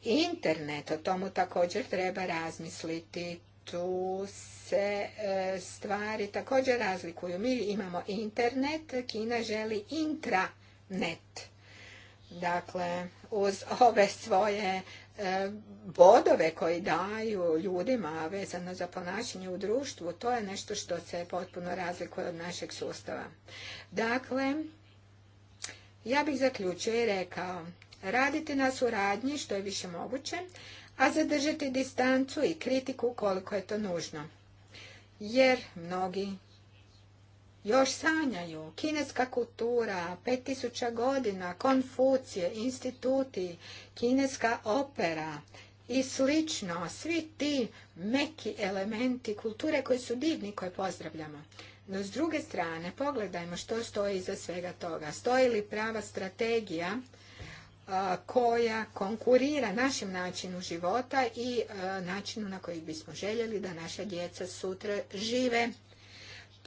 Internet, o tomu također treba razmisliti. Tu se e, stvari također razlikuju. Mi imamo internet, Kina želi intranet. Dakle, uz ove svoje e, bodove koji daju ljudima vezano za ponašanje u društvu, to je nešto što se potpuno razlikuje od našeg sustava. Dakle, ja bih zaključio i rekao, raditi na suradnji što je više moguće, a zadržati distancu i kritiku koliko je to nužno. Jer mnogi još sanjaju. Kineska kultura, pet tisuća godina, Konfucije, instituti, kineska opera i slično. Svi ti meki elementi kulture koji su divni, koje pozdravljamo. No, s druge strane, pogledajmo što stoji iza svega toga. Stoji li prava strategija koja konkurira našem načinu života i načinu na koji bismo željeli da naša djeca sutra žive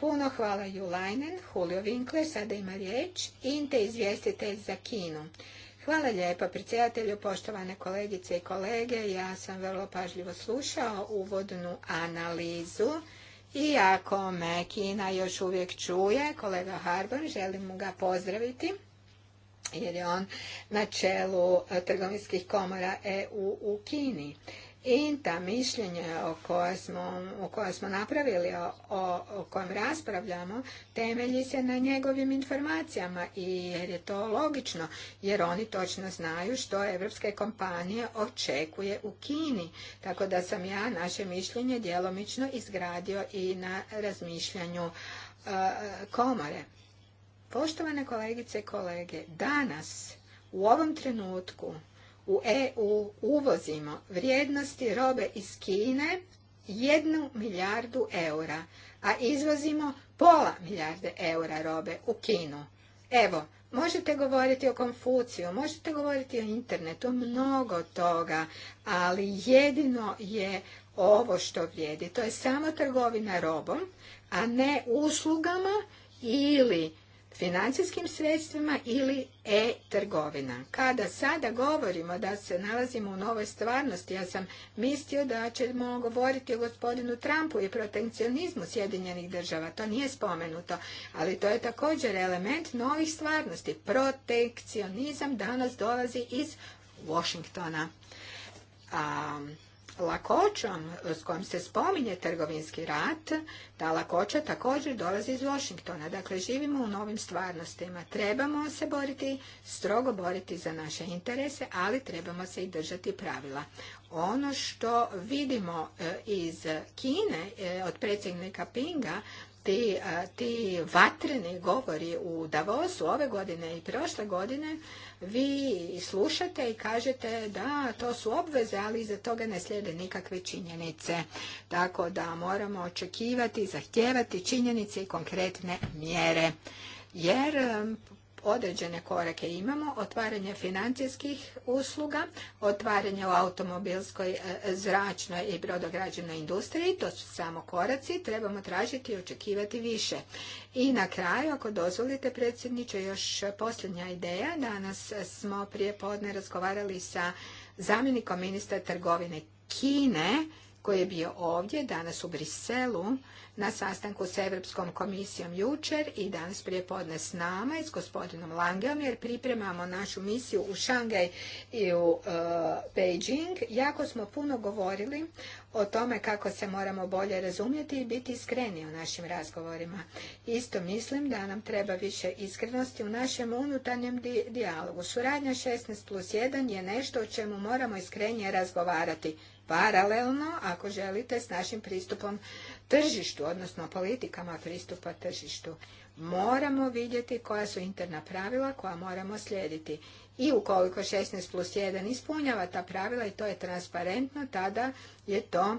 Puno hvala Julajnen, Julio Winkler, sada ima riječ, Inte izvjestitelj za kinu. Hvala lijepa predsjedatelju, poštovane kolegice i kolege. Ja sam vrlo pažljivo slušao uvodnu analizu. I ako me Kina još uvijek čuje, kolega Harbor, želim mu ga pozdraviti jer je on na čelu eh, trgovinskih komora EU u Kini i ta mišljenja o koja smo, napravili, o, kojem raspravljamo, temelji se na njegovim informacijama i jer je to logično, jer oni točno znaju što evropske kompanije očekuje u Kini. Tako da sam ja naše mišljenje djelomično izgradio i na razmišljanju e, komore. Poštovane kolegice i kolege, danas u ovom trenutku u EU uvozimo vrijednosti robe iz Kine jednu milijardu eura, a izvozimo pola milijarde eura robe u Kinu. Evo, možete govoriti o Konfuciju, možete govoriti o internetu, mnogo toga, ali jedino je ovo što vrijedi. To je samo trgovina robom, a ne uslugama ili financijskim sredstvima ili e-trgovina. Kada sada govorimo da se nalazimo u novoj stvarnosti, ja sam mislio da ćemo govoriti o gospodinu Trumpu i protekcionizmu Sjedinjenih država, to nije spomenuto, ali to je također element novih stvarnosti. Protekcionizam danas dolazi iz Washingtona. A lakoćom s kojom se spominje trgovinski rat, ta lakoća također dolazi iz Washingtona. Dakle, živimo u novim stvarnostima. Trebamo se boriti, strogo boriti za naše interese, ali trebamo se i držati pravila. Ono što vidimo e, iz Kine e, od predsjednika Pinga ti, vatreni govori u Davosu ove godine i prošle godine, vi slušate i kažete da to su obveze, ali iza toga ne slijede nikakve činjenice. Tako da moramo očekivati, zahtijevati činjenice i konkretne mjere. Jer određene korake imamo, otvaranje financijskih usluga, otvaranje u automobilskoj, e, zračnoj i brodograđenoj industriji, to su samo koraci, trebamo tražiti i očekivati više. I na kraju, ako dozvolite predsjedniče, još posljednja ideja. Danas smo prije podne razgovarali sa zamjenikom ministra trgovine Kine, koji je bio ovdje danas u Briselu na sastanku s Europskom komisijom jučer i danas prije podne s nama i s gospodinom Langeom jer pripremamo našu misiju u Šangaj i u e, Beijing. Jako smo puno govorili o tome kako se moramo bolje razumjeti i biti iskreni u našim razgovorima. Isto mislim da nam treba više iskrenosti u našem unutarnjem dijalogu. Suradnja 16 plus 1 je nešto o čemu moramo iskrenije razgovarati paralelno, ako želite, s našim pristupom tržištu, odnosno politikama pristupa tržištu. Moramo vidjeti koja su interna pravila koja moramo slijediti. I ukoliko 16 plus 1 ispunjava ta pravila i to je transparentno, tada je to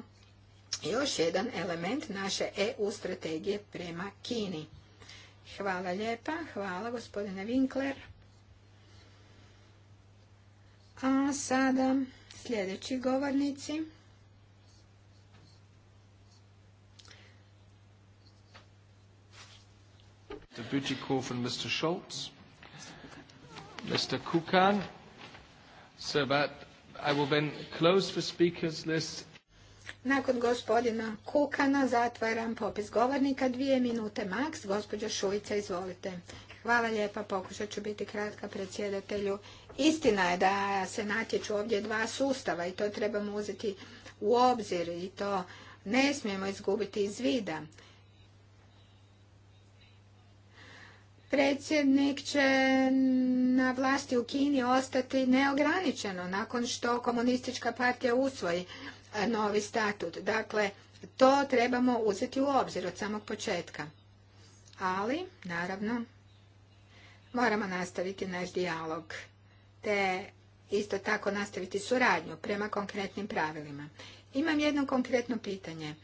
još jedan element naše EU strategije prema Kini. Hvala lijepa, hvala gospodine Winkler. A sada sljedeći govornici. Mr. and Mr. Schultz. Mr. Kukan. So that I will then close the speakers list. Nakon gospodina Kukana zatvaram popis govornika, dvije minute maks. Gospođa Šujica, izvolite. Hvala lijepa, pokušat ću biti kratka predsjedatelju. Istina je da se natječu ovdje dva sustava i to trebamo uzeti u obzir i to ne smijemo izgubiti iz vida. predsjednik će na vlasti u Kini ostati neograničeno nakon što komunistička partija usvoji e, novi statut. Dakle, to trebamo uzeti u obzir od samog početka. Ali, naravno, moramo nastaviti naš dijalog, te isto tako nastaviti suradnju prema konkretnim pravilima. Imam jedno konkretno pitanje.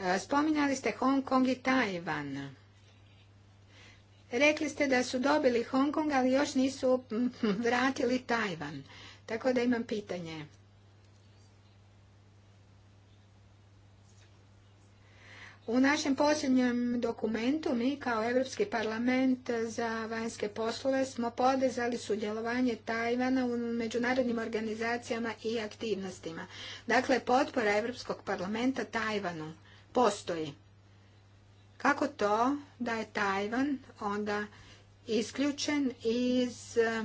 E, spominjali ste Hong Kong i Tajvan. Rekli ste da su dobili Hong Kong, ali još nisu mm, vratili Tajvan. Tako da imam pitanje. U našem posljednjem dokumentu mi kao Europski parlament za vanjske poslove smo podezali sudjelovanje Tajvana u međunarodnim organizacijama i aktivnostima. Dakle, potpora Europskog parlamenta Tajvanu postoji. Kako to da je Tajvan onda isključen iz e,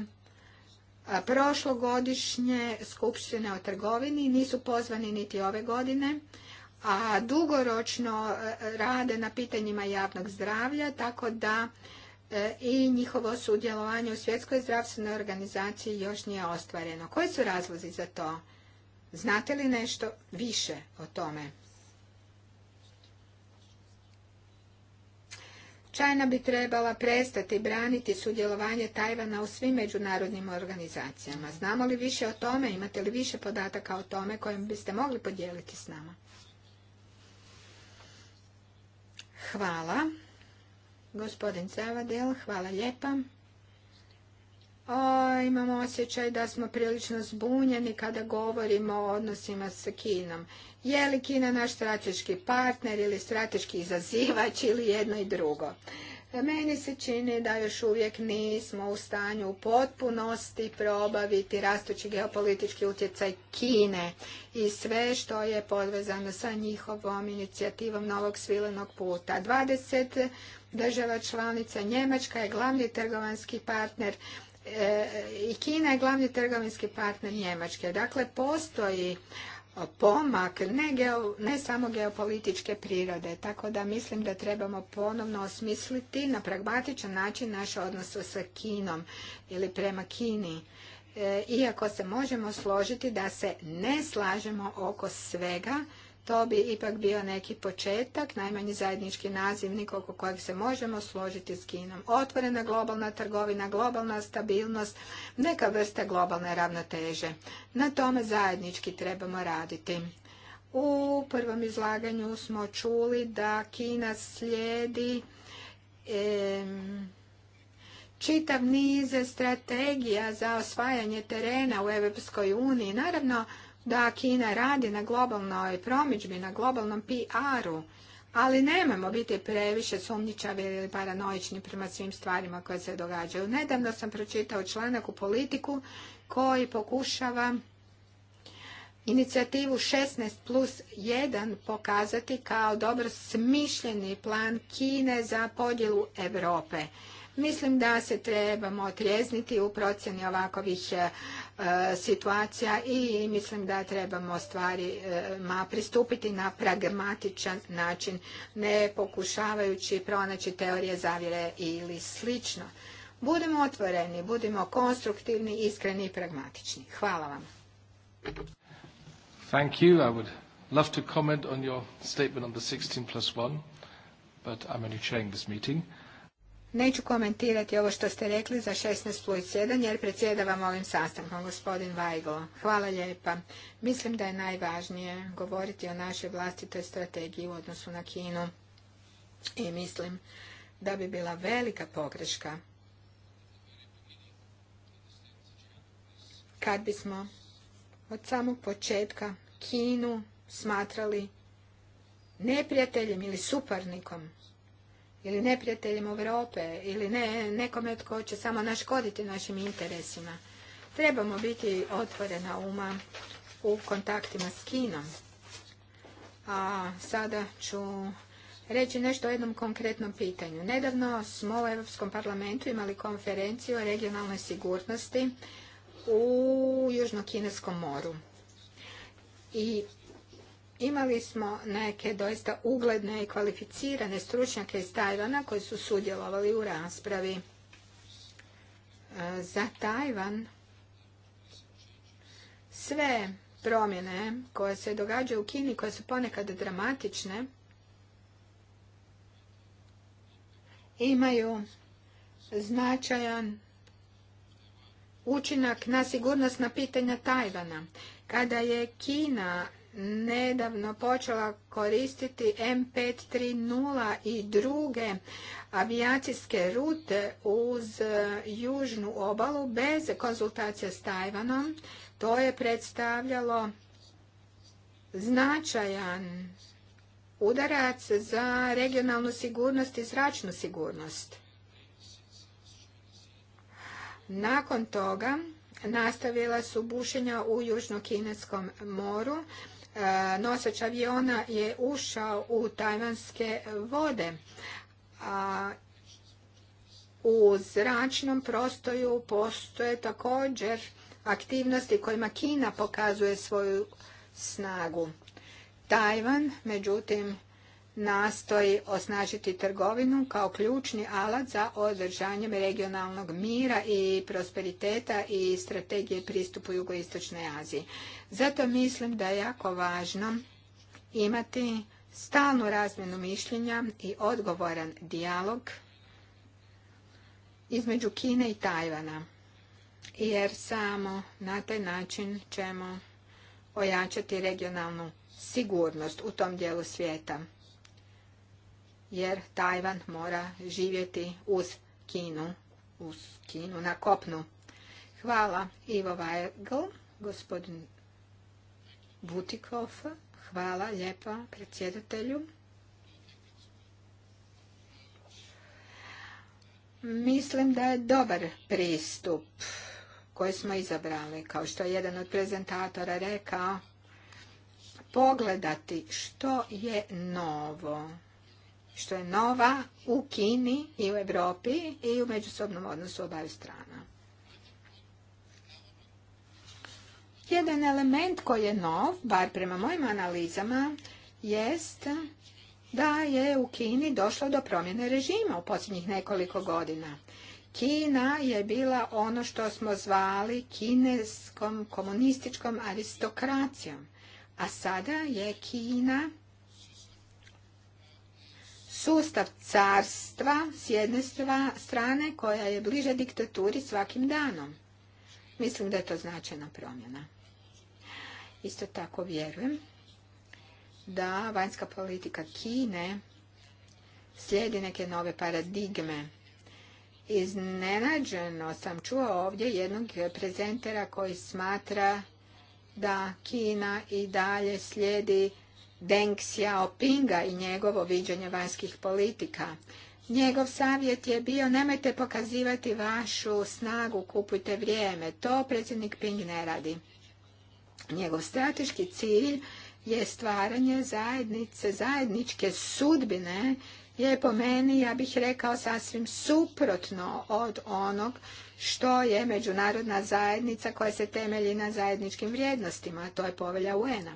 prošlogodišnje skupštine o trgovini, nisu pozvani niti ove godine, a dugoročno e, rade na pitanjima javnog zdravlja, tako da e, i njihovo sudjelovanje u svjetskoj zdravstvenoj organizaciji još nije ostvareno. Koji su razlozi za to? Znate li nešto više o tome? Čajna bi trebala prestati braniti sudjelovanje Tajvana u svim međunarodnim organizacijama. Znamo li više o tome? Imate li više podataka o tome kojim biste mogli podijeliti s nama? Hvala. Gospodin Zavadel, hvala lijepa. O, imamo osjećaj da smo prilično zbunjeni kada govorimo o odnosima s Kinom. Je li Kina naš strateški partner ili strateški izazivač ili jedno i drugo? Meni se čini da još uvijek nismo u stanju u potpunosti probaviti rastući geopolitički utjecaj Kine i sve što je podvezano sa njihovom inicijativom Novog svilenog puta. 20 država članica Njemačka je glavni trgovanski partner e, i Kina je glavni trgovinski partner Njemačke. Dakle, postoji pomak, ne, geo, ne samo geopolitičke prirode, tako da mislim da trebamo ponovno osmisliti na pragmatičan način naše odnose sa Kinom ili prema Kini. E, iako se možemo složiti da se ne slažemo oko svega, to bi ipak bio neki početak, najmanji zajednički nazivnik oko kojeg se možemo složiti s Kinom. Otvorena globalna trgovina, globalna stabilnost, neka vrsta globalne ravnoteže. Na tome zajednički trebamo raditi. U prvom izlaganju smo čuli da Kina slijedi čitav niz strategija za osvajanje terena u EU. uniji. Naravno, da Kina radi na globalnoj promičbi, na globalnom PR-u, ali nemojmo biti previše sumničavi ili paranoični prema svim stvarima koje se događaju. Nedavno sam pročitao članak u politiku koji pokušava inicijativu 16 plus 1 pokazati kao dobro smišljeni plan Kine za podjelu Europe. Mislim da se trebamo otrijezniti u procjeni ovakovih e, situacija i mislim da trebamo stvarima e, pristupiti na pragmatičan način, ne pokušavajući pronaći teorije zavire ili slično. Budemo otvoreni, budemo konstruktivni, iskreni i pragmatični. Hvala vam. Thank you. I would love to comment on your statement on the 16 plus 1, but I'm only this meeting. Neću komentirati ovo što ste rekli za 16 plus jer predsjedavam ovim sastankom, gospodin Vajglo. Hvala lijepa. Mislim da je najvažnije govoriti o našoj vlastitoj strategiji u odnosu na Kinu i mislim da bi bila velika pogreška kad bismo od samog početka Kinu smatrali neprijateljem ili suparnikom ili neprijateljem Europe ili ne nekome tko će samo naškoditi našim interesima. Trebamo biti otvorena uma u kontaktima s Kinom. A sada ću reći nešto o jednom konkretnom pitanju. Nedavno smo u Europskom parlamentu imali konferenciju o regionalnoj sigurnosti u Južno-Kineskom moru. I Imali smo neke doista ugledne i kvalificirane stručnjake iz Tajvana koji su sudjelovali u raspravi. E, za Tajvan sve promjene koje se događaju u Kini, koje su ponekad dramatične, imaju značajan učinak na sigurnosna pitanja Tajvana. Kada je Kina nedavno počela koristiti M530 i druge avijacijske rute uz južnu obalu bez konzultacija s Tajvanom. To je predstavljalo značajan udarac za regionalnu sigurnost i zračnu sigurnost. Nakon toga nastavila su bušenja u južno-kineskom moru E, nosač aviona je ušao u tajvanske vode. u zračnom prostoju postoje također aktivnosti kojima Kina pokazuje svoju snagu. Tajvan, međutim, nastoji osnažiti trgovinu kao ključni alat za održanjem regionalnog mira i prosperiteta i strategije pristupu jugoistočnoj Aziji. Zato mislim da je jako važno imati stalnu razmjenu mišljenja i odgovoran dijalog između Kine i Tajvana. Jer samo na taj način ćemo ojačati regionalnu sigurnost u tom dijelu svijeta jer Tajvan mora živjeti uz Kinu, uz Kinu na kopnu. Hvala Ivo Weigl, gospodin Butikov, hvala lijepa predsjedatelju. Mislim da je dobar pristup koji smo izabrali, kao što je jedan od prezentatora rekao, pogledati što je novo što je nova u Kini i u Europi i u međusobnom odnosu obaju strana. Jedan element koji je nov, bar prema mojim analizama, jest da je u Kini došlo do promjene režima u posljednjih nekoliko godina. Kina je bila ono što smo zvali kineskom komunističkom aristokracijom, a sada je Kina sustav carstva s jedne strane koja je bliže diktaturi svakim danom. Mislim da je to značajna promjena. Isto tako vjerujem da vanjska politika Kine slijedi neke nove paradigme. Iznenađeno sam čuo ovdje jednog prezentera koji smatra da Kina i dalje slijedi Deng Xiaopinga i njegovo viđenje vanjskih politika. Njegov savjet je bio nemojte pokazivati vašu snagu, kupujte vrijeme. To predsjednik Ping ne radi. Njegov strateški cilj je stvaranje zajednice, zajedničke sudbine je po meni, ja bih rekao, sasvim suprotno od onog što je međunarodna zajednica koja se temelji na zajedničkim vrijednostima, a to je povelja un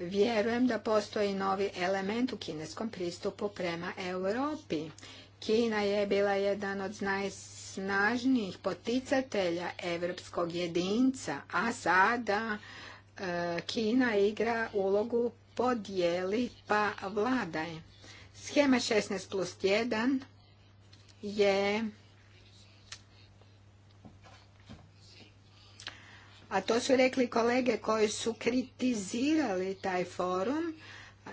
Vjerujem da postoji novi element u kineskom pristupu prema Europi. Kina je bila jedan od najsnažnijih poticatelja evropskog jedinca, a sada e, Kina igra ulogu podijeli pa vladaj. Schema 16 plus 1 je a to su rekli kolege koji su kritizirali taj forum,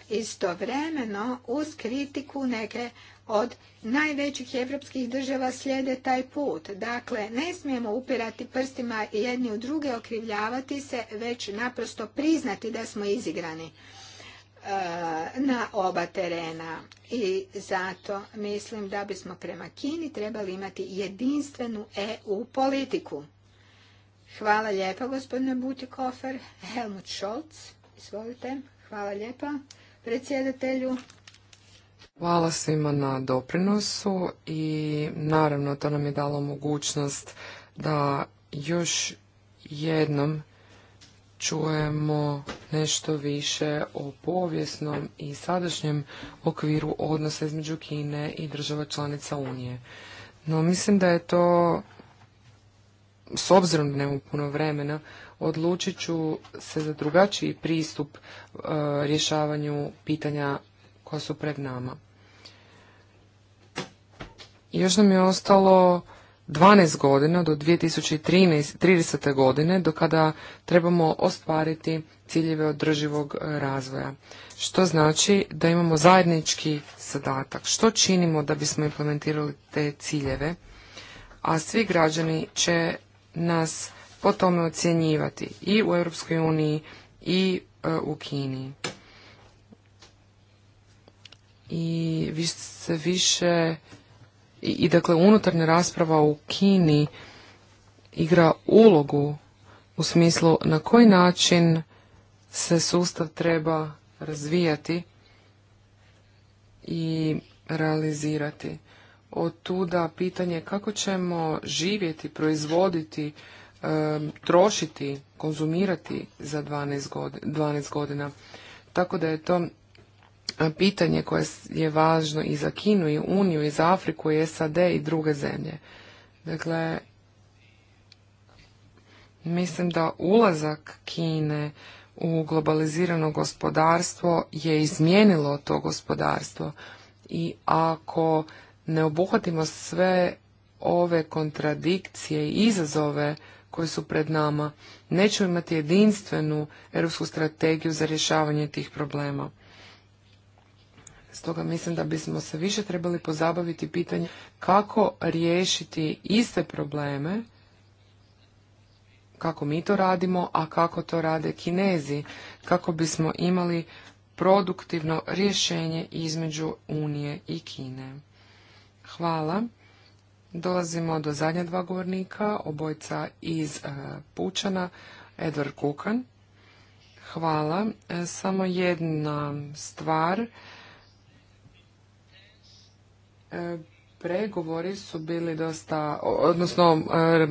istovremeno uz kritiku neke od najvećih evropskih država slijede taj put. Dakle, ne smijemo upirati prstima jedni u druge, okrivljavati se, već naprosto priznati da smo izigrani e, na oba terena i zato mislim da bismo prema Kini trebali imati jedinstvenu EU politiku. Hvala lijepa, gospodine Butikofer. Helmut Scholz, izvolite. Hvala lijepa predsjedatelju. Hvala svima na doprinosu i naravno to nam je dalo mogućnost da još jednom čujemo nešto više o povijesnom i sadašnjem okviru odnosa između Kine i država članica Unije. No mislim da je to s obzirom da nemam puno vremena, odlučit ću se za drugačiji pristup e, rješavanju pitanja koja su pred nama. Još nam je ostalo 12 godina do 2013. godine do kada trebamo ostvariti ciljeve održivog razvoja. Što znači da imamo zajednički zadatak. Što činimo da bismo implementirali te ciljeve? A svi građani će nas po tome ocjenjivati i u Europskoj uniji i e, u Kini. I se više i, i dakle unutarnja rasprava u Kini igra ulogu u smislu na koji način se sustav treba razvijati i realizirati od tuda pitanje kako ćemo živjeti, proizvoditi, trošiti, konzumirati za 12 godina. Tako da je to pitanje koje je važno i za Kinu i Uniju i za Afriku i SAD i druge zemlje. Dakle, mislim da ulazak Kine u globalizirano gospodarstvo je izmijenilo to gospodarstvo i ako ne obuhvatimo sve ove kontradikcije i izazove koji su pred nama, nećemo imati jedinstvenu europsku strategiju za rješavanje tih problema. Stoga mislim da bismo se više trebali pozabaviti pitanje kako riješiti iste probleme, kako mi to radimo, a kako to rade Kinezi, kako bismo imali produktivno rješenje između Unije i Kine. Hvala. Dolazimo do zadnja dva govornika, obojca iz e, Pučana, Edward Kukan. Hvala. E, samo jedna stvar. E, pregovori su bili dosta, odnosno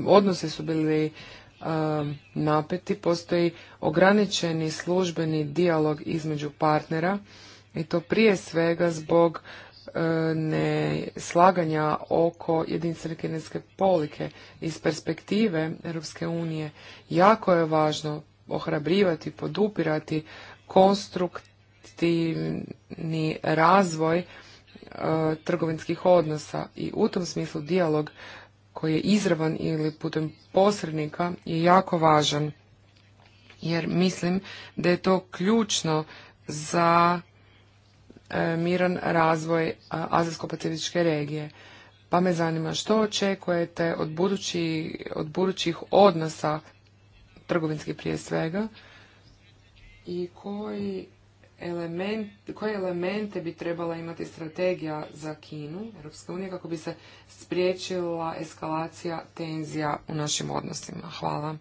odnosi su bili napeti. Postoji ograničeni službeni dijalog između partnera i to prije svega zbog slaganja oko jedinstvene kineske polike iz perspektive Europske unije jako je važno ohrabrivati, podupirati konstruktivni razvoj e, trgovinskih odnosa i u tom smislu dijalog koji je izravan ili putem posrednika je jako važan jer mislim da je to ključno za E, miran razvoj e, Azijsko-Pacifičke regije. Pa me zanima što očekujete od, budućih odnosa trgovinskih prije svega i koji element, koje elemente bi trebala imati strategija za Kinu, Europska unija, kako bi se spriječila eskalacija tenzija u našim odnosima. Hvala.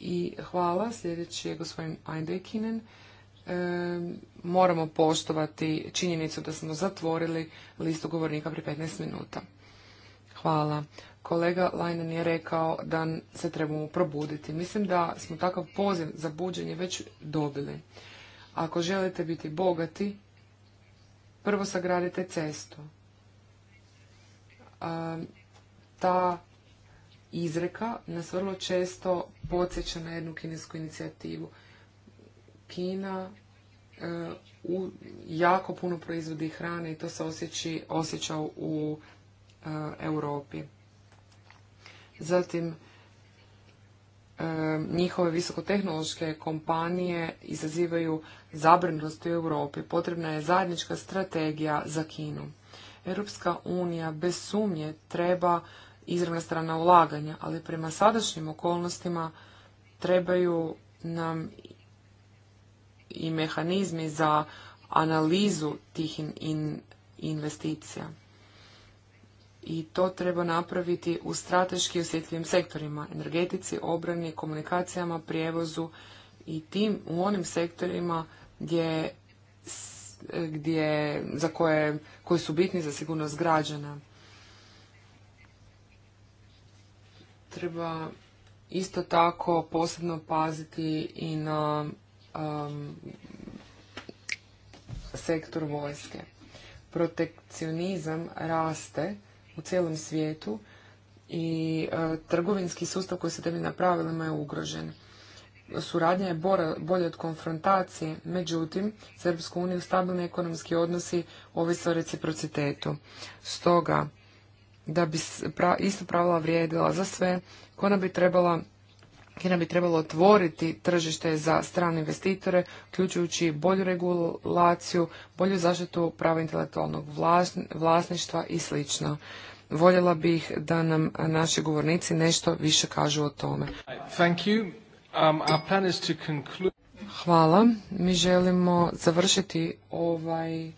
I hvala. Sljedeći je gospodin Ajde Kinen moramo poštovati činjenicu da smo zatvorili listu govornika pri 15 minuta. Hvala. Kolega Lajnen je rekao da se trebamo probuditi. Mislim da smo takav poziv za buđenje već dobili. Ako želite biti bogati, prvo sagradite cestu. ta izreka nas vrlo često podsjeća na jednu kinesku inicijativu – Kina e, jako puno proizvodi hrane i to se osjeći, osjeća u e, Europi. Zatim, e, njihove visokotehnološke kompanije izazivaju zabrinutost u Europi. Potrebna je zajednička strategija za Kinu. Europska unija bez sumnje treba izravna strana ulaganja, ali prema sadašnjim okolnostima trebaju nam i mehanizmi za analizu tih in investicija. I to treba napraviti u strateški osjetljivim sektorima, energetici, obrani, komunikacijama, prijevozu i tim u onim sektorima gdje, gdje za koje, koji su bitni za sigurnost građana. Treba isto tako posebno paziti i na Um, sektor vojske. Protekcionizam raste u cijelom svijetu i e, trgovinski sustav koji se temelji na pravilima je ugrožen. Suradnja je bolja bolje od konfrontacije, međutim, Srpsku uniju stabilni ekonomski odnosi ovisno o reciprocitetu. Stoga, da bi isto ista pravila vrijedila za sve, ona bi trebala Kina bi trebalo otvoriti tržište za strane investitore, uključujući bolju regulaciju, bolju zaštitu prava intelektualnog vlasništva i sl. Voljela bih da nam naši govornici nešto više kažu o tome. Um, Hvala. Mi želimo završiti ovaj,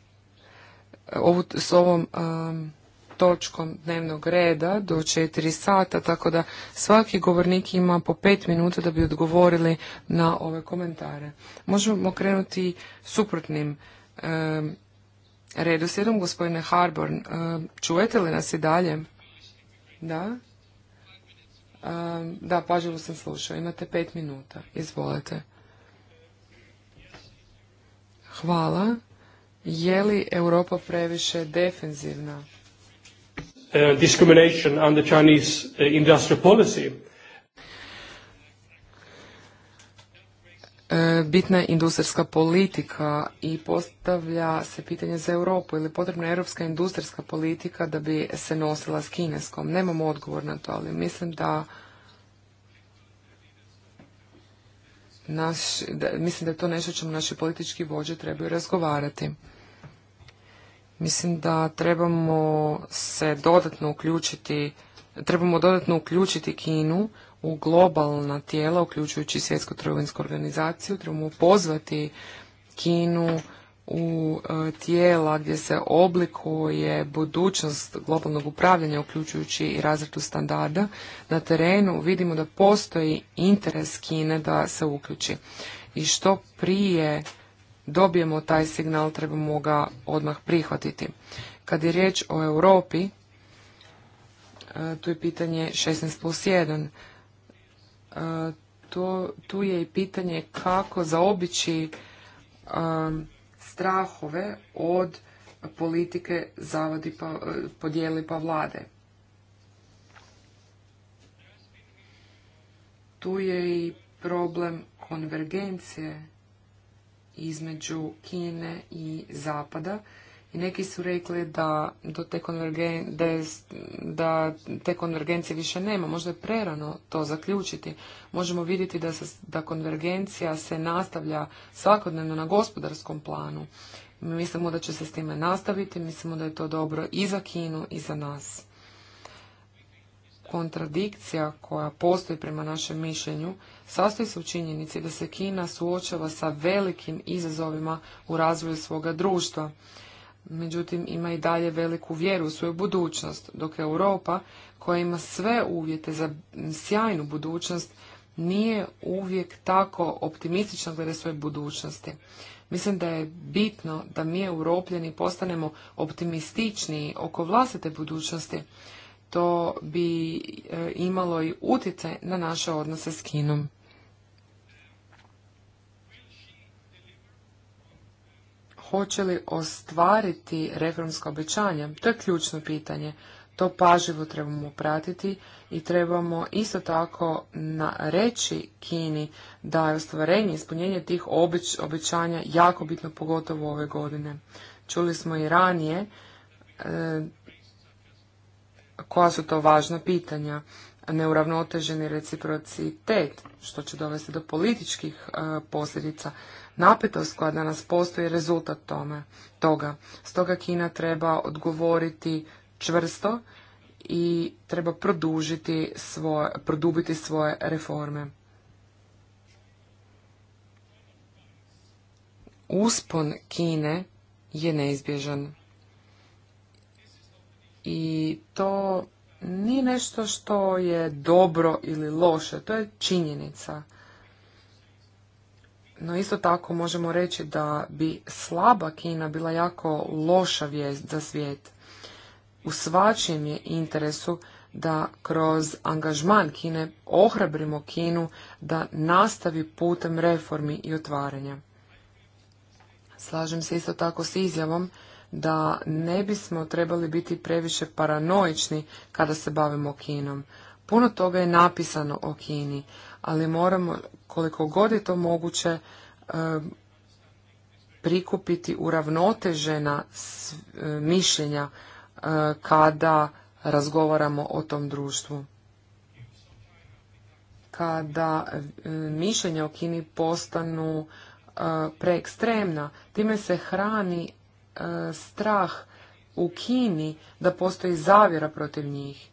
s ovom um, točkom dnevnog reda do četiri sata, tako da svaki govornik ima po pet minuta da bi odgovorili na ove komentare. Možemo krenuti suprotnim e, redoslijedom, gospodine Harborn. E, čujete li nas i dalje? Da? E, da, pažljivo sam slušao. Imate pet minuta. Izvolite. Hvala. Je li Europa previše defenzivna? uh, discrimination under Chinese uh, industrial policy. Uh, bitna je industrijska politika i postavlja se pitanje za Europu ili potrebna je europska industrijska politika da bi se nosila s kineskom. Nemamo odgovor na to, ali mislim da naš, mislim da je to nešto čemu naši politički vođe trebaju razgovarati. Mislim da trebamo se dodatno uključiti, trebamo dodatno uključiti Kinu u globalna tijela, uključujući svjetsku trgovinsku organizaciju, trebamo pozvati Kinu u e, tijela gdje se oblikuje budućnost globalnog upravljanja, uključujući i razradu standarda, na terenu vidimo da postoji interes Kine da se uključi. I što prije dobijemo taj signal, trebamo ga odmah prihvatiti. Kad je riječ o Europi, e, tu je pitanje 16 plus 1. E, tu je i pitanje kako zaobići e, strahove od politike zavadi pa, podijeli pa vlade. Tu je i problem konvergencije između Kine i Zapada. I neki su rekli da, te da, je, da te konvergencije više nema. Možda je prerano to zaključiti. Možemo vidjeti da, se, da konvergencija se nastavlja svakodnevno na gospodarskom planu. Mi mislimo da će se s time nastaviti, mislimo da je to dobro i za Kinu i za nas. Kontradikcija koja postoji prema našem mišljenju sastoji se u činjenici da se Kina suočava sa velikim izazovima u razvoju svoga društva. Međutim, ima i dalje veliku vjeru u svoju budućnost, dok Europa, koja ima sve uvjete za sjajnu budućnost, nije uvijek tako optimistična glede svoje budućnosti. Mislim da je bitno da mi europljani postanemo optimističniji oko vlastite budućnosti. To bi e, imalo i utjecaj na naše odnose s Kinom. hoće li ostvariti reformska obećanja? To je ključno pitanje. To paživo trebamo pratiti i trebamo isto tako na reći Kini da je ostvarenje, ispunjenje tih obič, obećanja jako bitno pogotovo ove godine. Čuli smo i ranije e, koja su to važna pitanja. Neuravnoteženi reciprocitet, što će dovesti do političkih e, posljedica, napetost koja danas postoji rezultat tome, toga. Stoga Kina treba odgovoriti čvrsto i treba produžiti svoje, produbiti svoje reforme. Uspon Kine je neizbježan. I to nije nešto što je dobro ili loše, to je činjenica. No isto tako možemo reći da bi slaba Kina bila jako loša vijest za svijet. U svačijem je interesu da kroz angažman Kine ohrabrimo Kinu da nastavi putem reformi i otvaranja. Slažem se isto tako s izjavom da ne bismo trebali biti previše paranoični kada se bavimo Kinom. Puno toga je napisano o Kini, ali moramo koliko god je to moguće e, prikupiti uravnotežena e, mišljenja e, kada razgovaramo o tom društvu. Kada mišljenja o Kini postanu preekstremna, time se hrani strah u Kini da postoji zavjera protiv njih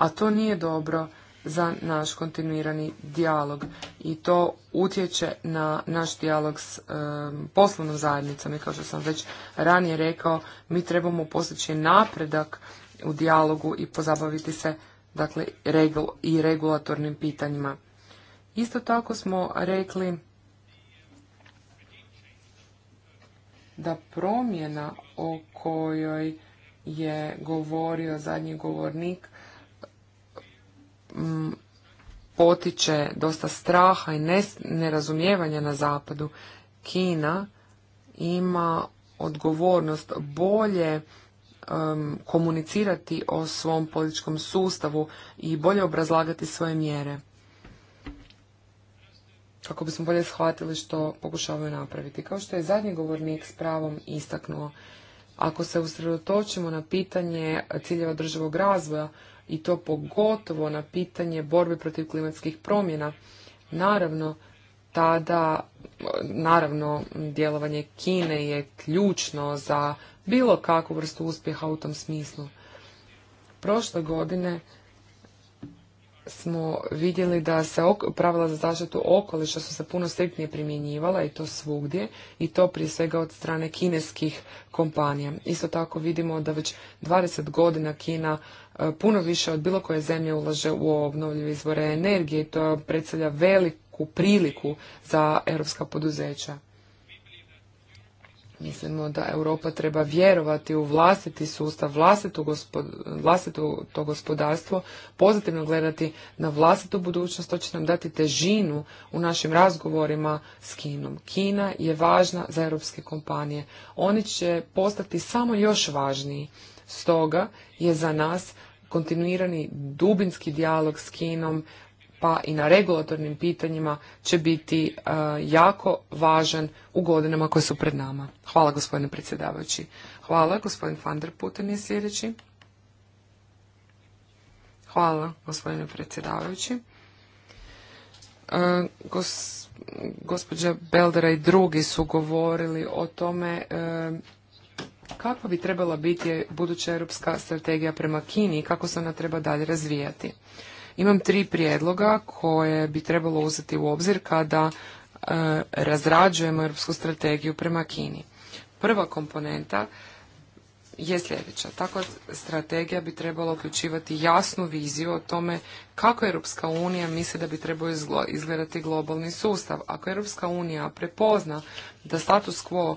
a to nije dobro za naš kontinuirani dijalog i to utječe na naš dijalog s e, poslovnom zajednicom i kao što sam već ranije rekao mi trebamo postići napredak u dijalogu i pozabaviti se dakle regul i regulatornim pitanjima isto tako smo rekli da promjena o kojoj je govorio zadnji govornik potiče dosta straha i nerazumijevanja na zapadu, Kina ima odgovornost bolje komunicirati o svom političkom sustavu i bolje obrazlagati svoje mjere kako bismo bolje shvatili što pokušavaju napraviti. Kao što je zadnji govornik s pravom istaknuo, ako se usredotočimo na pitanje ciljeva državog razvoja, i to pogotovo na pitanje borbe protiv klimatskih promjena. Naravno, tada, naravno, djelovanje Kine je ključno za bilo kakvu vrstu uspjeha u tom smislu. Prošle godine smo vidjeli da se pravila za zaštitu okoliša su se puno striktnije primjenjivala i to svugdje i to prije svega od strane kineskih kompanija. Isto tako vidimo da već 20 godina Kina E, puno više od bilo koje zemlje ulaže u obnovljive izvore energije i to predstavlja veliku priliku za europska poduzeća. Mislimo da Europa treba vjerovati u vlastiti sustav, vlastito, to gospodarstvo, pozitivno gledati na vlastitu budućnost, to će nam dati težinu u našim razgovorima s Kinom. Kina je važna za europske kompanije. Oni će postati samo još važniji. Stoga je za nas kontinuirani dubinski dijalog s Kinom pa i na regulatornim pitanjima će biti e, jako važan u godinama koje su pred nama. Hvala gospodine predsjedavajući. Hvala gospodin van der Putin je sljedeći. Hvala gospodine predsjedavajući. Uh, Beldera i drugi su govorili o tome e, kakva bi trebala biti buduća europska strategija prema Kini i kako se ona treba dalje razvijati. Imam tri prijedloga koje bi trebalo uzeti u obzir kada e, razrađujemo europsku strategiju prema Kini. Prva komponenta je sljedeća. Takva strategija bi trebala uključivati jasnu viziju o tome kako Europska unija misli da bi trebao izgledati globalni sustav. Ako Europska unija prepozna da status quo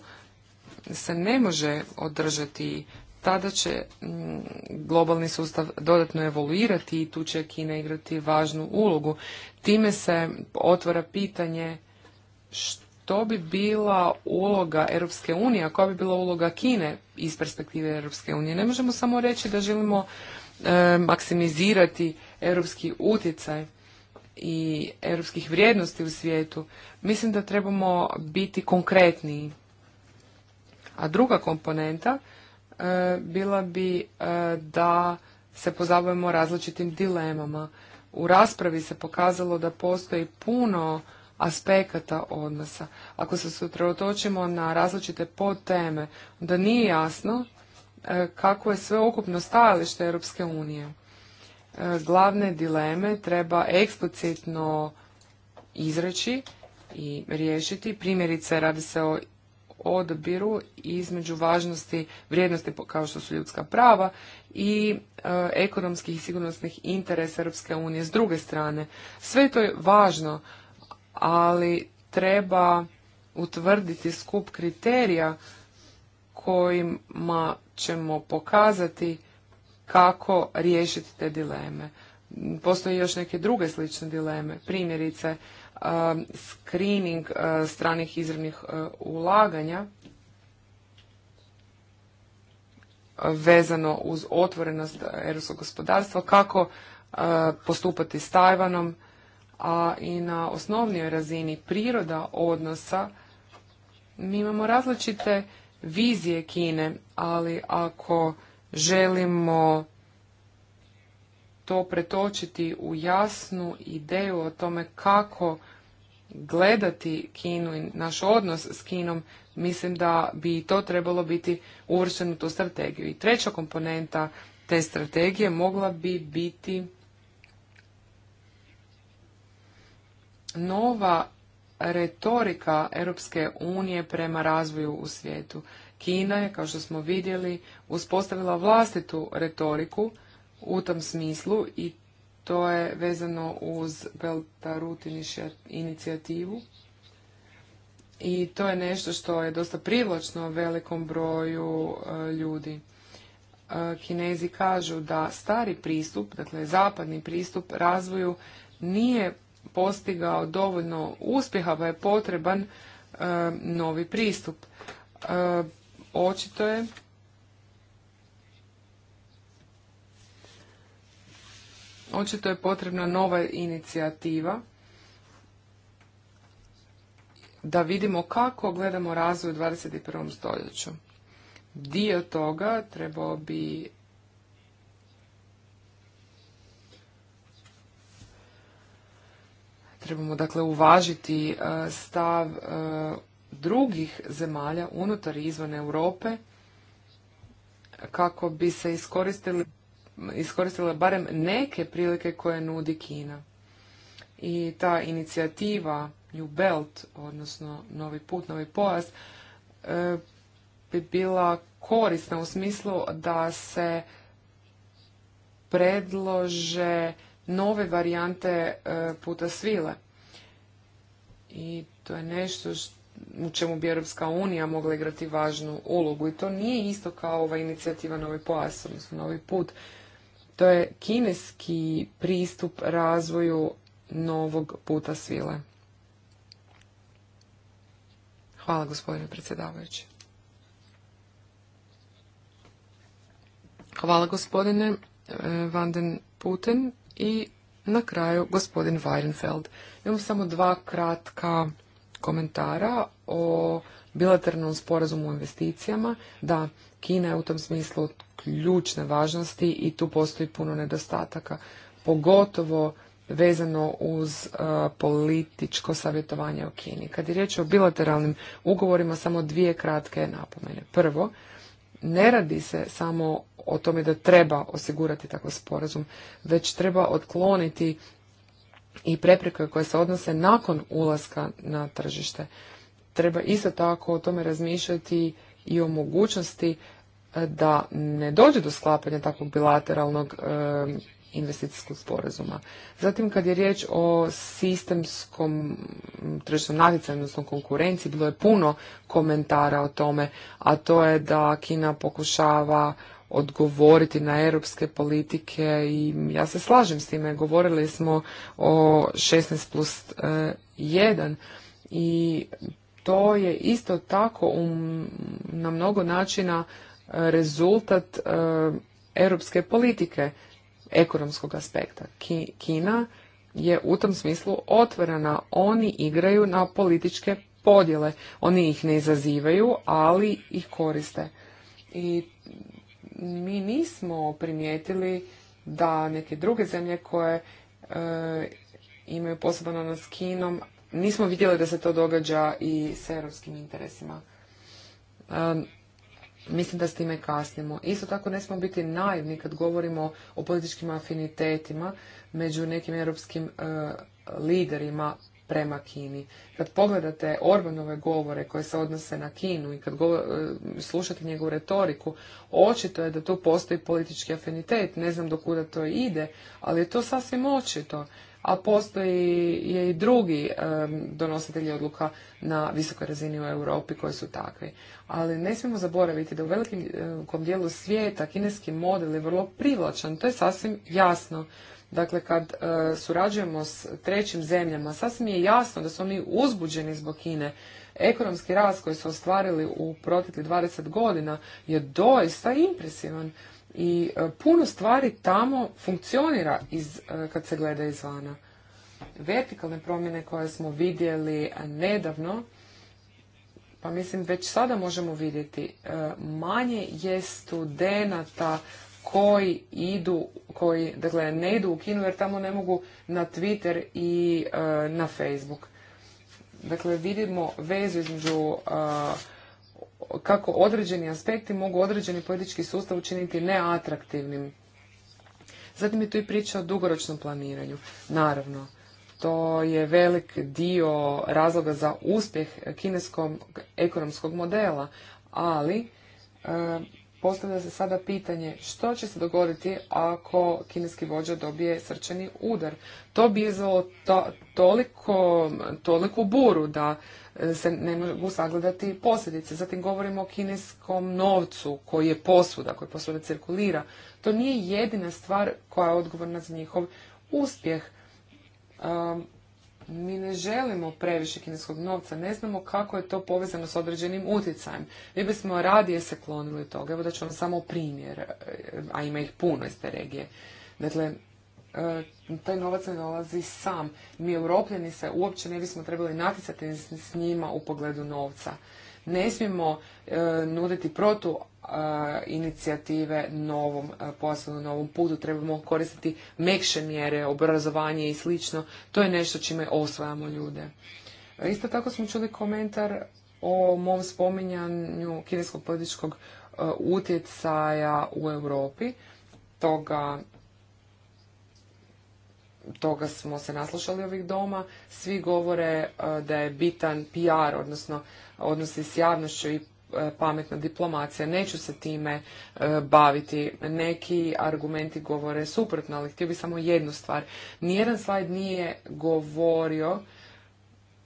se ne može održati, tada će mm, globalni sustav dodatno evoluirati i tu će Kina igrati važnu ulogu. Time se otvara pitanje što bi bila uloga Europske unije, a koja bi bila uloga Kine iz perspektive Europske unije. Ne možemo samo reći da želimo e, maksimizirati europski utjecaj i europskih vrijednosti u svijetu. Mislim da trebamo biti konkretniji a druga komponenta e, bila bi e, da se pozabavimo različitim dilemama. U raspravi se pokazalo da postoji puno aspekata odnosa. Ako se sutrotočimo na različite podteme, onda nije jasno e, kako je sveukupno stajalište Europske unije. Glavne dileme treba eksplicitno izreći i riješiti. Primjerice, radi se o odabiru između važnosti vrijednosti kao što su ljudska prava i e, ekonomskih i sigurnosnih interesa Europske unije s druge strane. Sve to je važno, ali treba utvrditi skup kriterija kojima ćemo pokazati kako riješiti te dileme. Postoje još neke druge slične dileme, primjerice Um, screening uh, stranih izravnih uh, ulaganja vezano uz otvorenost europskog gospodarstva, kako uh, postupati s Tajvanom, a i na osnovnijoj razini priroda odnosa mi imamo različite vizije Kine, ali ako želimo to pretočiti u jasnu ideju o tome kako gledati Kinu i naš odnos s Kinom, mislim da bi to trebalo biti uvršteno u tu strategiju. I treća komponenta te strategije mogla bi biti nova retorika Europske unije prema razvoju u svijetu. Kina je, kao što smo vidjeli, uspostavila vlastitu retoriku u tom smislu i to je vezano uz Beltarut inicijativu i to je nešto što je dosta privlačno velikom broju e, ljudi. E, Kinezi kažu da stari pristup, dakle zapadni pristup razvoju nije postigao dovoljno uspjeha pa je potreban e, novi pristup. očito je Očito je potrebna nova inicijativa da vidimo kako gledamo razvoj u 21. stoljeću. Dio toga trebao bi trebamo dakle uvažiti e, stav e, drugih zemalja unutar i izvan Europe kako bi se iskoristili iskoristila barem neke prilike koje nudi Kina. I ta inicijativa New Belt, odnosno Novi put, Novi pojas, e, bi bila korisna u smislu da se predlože nove varijante e, puta svile. I to je nešto u čemu bi Europska unija mogla igrati važnu ulogu. I to nije isto kao ova inicijativa Novi pojas, odnosno Novi put. To je kineski pristup razvoju novog puta svile. Hvala gospodine predsjedavajući. Hvala gospodine eh, Vanden Putin i na kraju gospodin Weirenfeld. Imamo samo dva kratka komentara o bilateralnom sporazumu o investicijama. Da, Kina je u tom smislu ključne važnosti i tu postoji puno nedostataka, pogotovo vezano uz e, političko savjetovanje o Kini. Kad je riječ o bilateralnim ugovorima, samo dvije kratke napomene. Prvo, ne radi se samo o tome da treba osigurati takav sporazum, već treba otkloniti i prepreke koje se odnose nakon ulaska na tržište. Treba isto tako o tome razmišljati i o mogućnosti e, da ne dođe do sklapanja takvog bilateralnog e, investicijskog sporazuma. Zatim kad je riječ o sistemskom tržišnom natjecanju, odnosno konkurenciji, bilo je puno komentara o tome, a to je da Kina pokušava odgovoriti na europske politike i ja se slažem s time. Govorili smo o 16 plus 1 e, i to je isto tako na mnogo načina e, rezultat e, europske politike ekonomskog aspekta. Kina je u tom smislu otvorena. Oni igraju na političke podjele. Oni ih ne izazivaju, ali ih koriste. I mi nismo primijetili da neke druge zemlje koje e, imaju poseban odnos s Kinom, nismo vidjeli da se to događa i s europskim interesima. mislim da s time kasnimo. Isto tako ne smo biti naivni kad govorimo o političkim afinitetima među nekim europskim e, liderima prema Kini. Kad pogledate Orbanove govore koje se odnose na Kinu i kad e, slušate njegovu retoriku, očito je da tu postoji politički afinitet. Ne znam do kuda to ide, ali je to sasvim očito a postoji je i drugi donositelji odluka na visokoj razini u Europi koji su takvi. Ali ne smijemo zaboraviti da u velikom dijelu svijeta kineski model je vrlo privlačan, to je sasvim jasno. Dakle, kad e, surađujemo s trećim zemljama, sasvim je jasno da smo mi uzbuđeni zbog Kine. Ekonomski rast koji su ostvarili u proteklih 20 godina je doista impresivan i e, puno stvari tamo funkcionira iz, e, kad se gleda izvana. Vertikalne promjene koje smo vidjeli e, nedavno, pa mislim već sada možemo vidjeti, manje je studenata koji idu, koji dakle, ne idu u kinu jer tamo ne mogu na Twitter i na Facebook. Dakle, vidimo vezu između kako određeni aspekti mogu određeni politički sustav učiniti neatraktivnim. Zatim je tu i priča o dugoročnom planiranju. Naravno, to je velik dio razloga za uspjeh kineskog ekonomskog modela, ali eh, Postavlja se sada pitanje što će se dogoditi ako kineski vođa dobije srčani udar. To bi izvalo toliko, toliku buru da e, se ne mogu sagledati posljedice. Zatim govorimo o kineskom novcu koji je posuda, koji posuda cirkulira. To nije jedina stvar koja je odgovorna za njihov uspjeh mi ne želimo previše kineskog novca, ne znamo kako je to povezano s određenim utjecajem. Mi bismo radije se klonili toga, evo da ću vam samo primjer, e, a ima ih puno iz te regije. Dakle, e, taj novac ne dolazi sam. Mi europljeni se uopće ne bismo trebali naticati s njima u pogledu novca. Ne smijemo e, nuditi protu inicijative novom poslovnom novom putu. Trebamo koristiti mekše mjere, obrazovanje i slično. To je nešto čime osvajamo ljude. E, isto tako smo čuli komentar o mom spominjanju kineskog političkog e, utjecaja u Europi. Toga toga smo se naslušali ovih doma, svi govore e, da je bitan PR, odnosno odnosi s javnošću i pametna diplomacija. Neću se time e, baviti. Neki argumenti govore suprotno, ali htio bih samo jednu stvar. Nijedan slajd nije govorio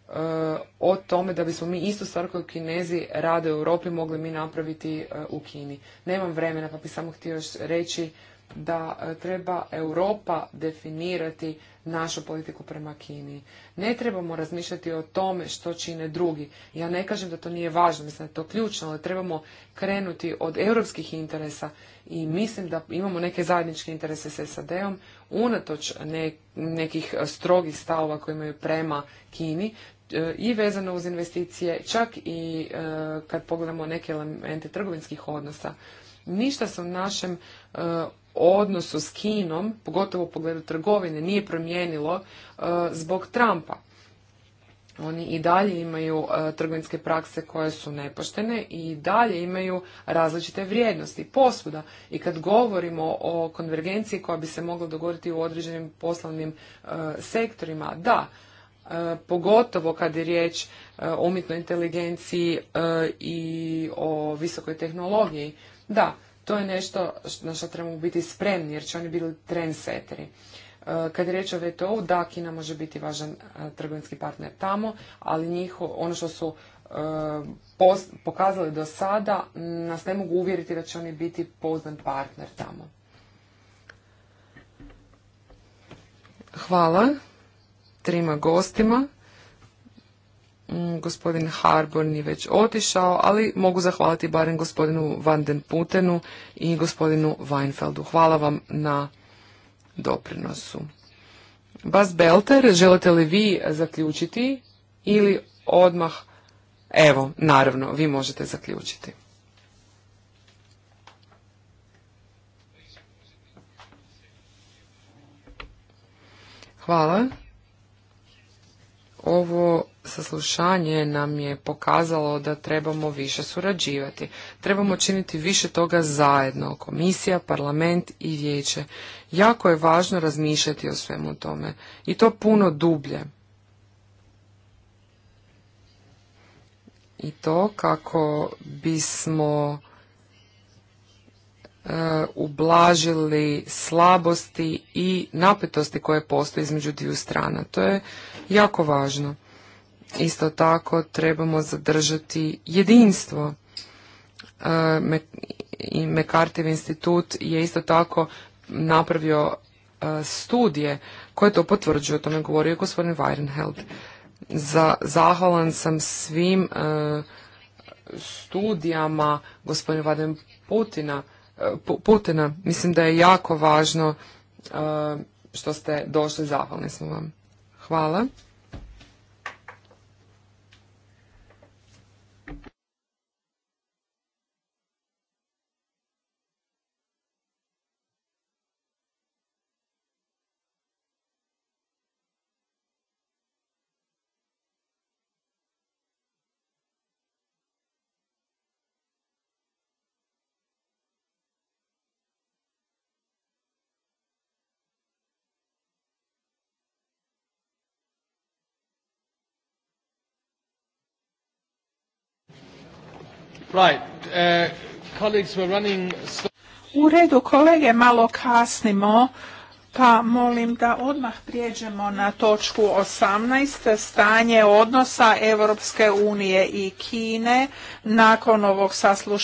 e, o tome da bismo mi istu stvar koju Kinezi rade u Europi mogli mi napraviti e, u Kini. Nemam vremena pa bih samo htio još reći da treba Europa definirati našu politiku prema Kini. Ne trebamo razmišljati o tome što čine drugi. Ja ne kažem da to nije važno, mislim da je to ključno, ali trebamo krenuti od europskih interesa i mislim da imamo neke zajedničke interese s SAD-om, unatoč ne, nekih strogih stavova koje imaju prema Kini, e, i vezano uz investicije, čak i e, kad pogledamo neke elemente trgovinskih odnosa. Ništa se u našem e, odnosu s Kinom, pogotovo u pogledu trgovine, nije promijenilo e, zbog Trumpa. Oni i dalje imaju e, trgovinske prakse koje su nepoštene i dalje imaju različite vrijednosti posvuda. I kad govorimo o konvergenciji koja bi se mogla dogoditi u određenim poslovnim e, sektorima, da, pogotovo kad je riječ o umjetnoj inteligenciji i o visokoj tehnologiji. Da, to je nešto na što trebamo biti spremni jer će oni biti trendseteri. E, kad je riječ o VTO-u, da, Kina može biti važan e, trgovinski partner tamo, ali njiho, ono što su e, pokazali do sada, nas ne mogu uvjeriti da će oni biti poznan partner tamo. Hvala trima gostima. Mm, gospodin Harbon je već otišao, ali mogu zahvaliti barem gospodinu Van den Putenu i gospodinu Weinfeldu. Hvala vam na doprinosu. Bas Belter, želite li vi zaključiti ili odmah, evo, naravno, vi možete zaključiti. Hvala ovo saslušanje nam je pokazalo da trebamo više surađivati. Trebamo činiti više toga zajedno, komisija, parlament i vijeće. Jako je važno razmišljati o svemu tome i to puno dublje. I to kako bismo Uh, ublažili slabosti i napetosti koje postoje između dviju strana. To je jako važno. Isto tako trebamo zadržati jedinstvo. Uh, I Mekartiv institut je isto tako napravio uh, studije koje to potvrđuju, o tome govorio je gospodin Weirenheld. Za, zahvalan sam svim studijama gospodina Vadim Putina Putina. Mislim da je jako važno e, što ste došli. Zahvalni smo vam. Hvala. Uh, U redu, kolege, malo kasnimo, pa molim da odmah prijeđemo na točku 18, stanje odnosa Europske unije i Kine nakon ovog saslušanja.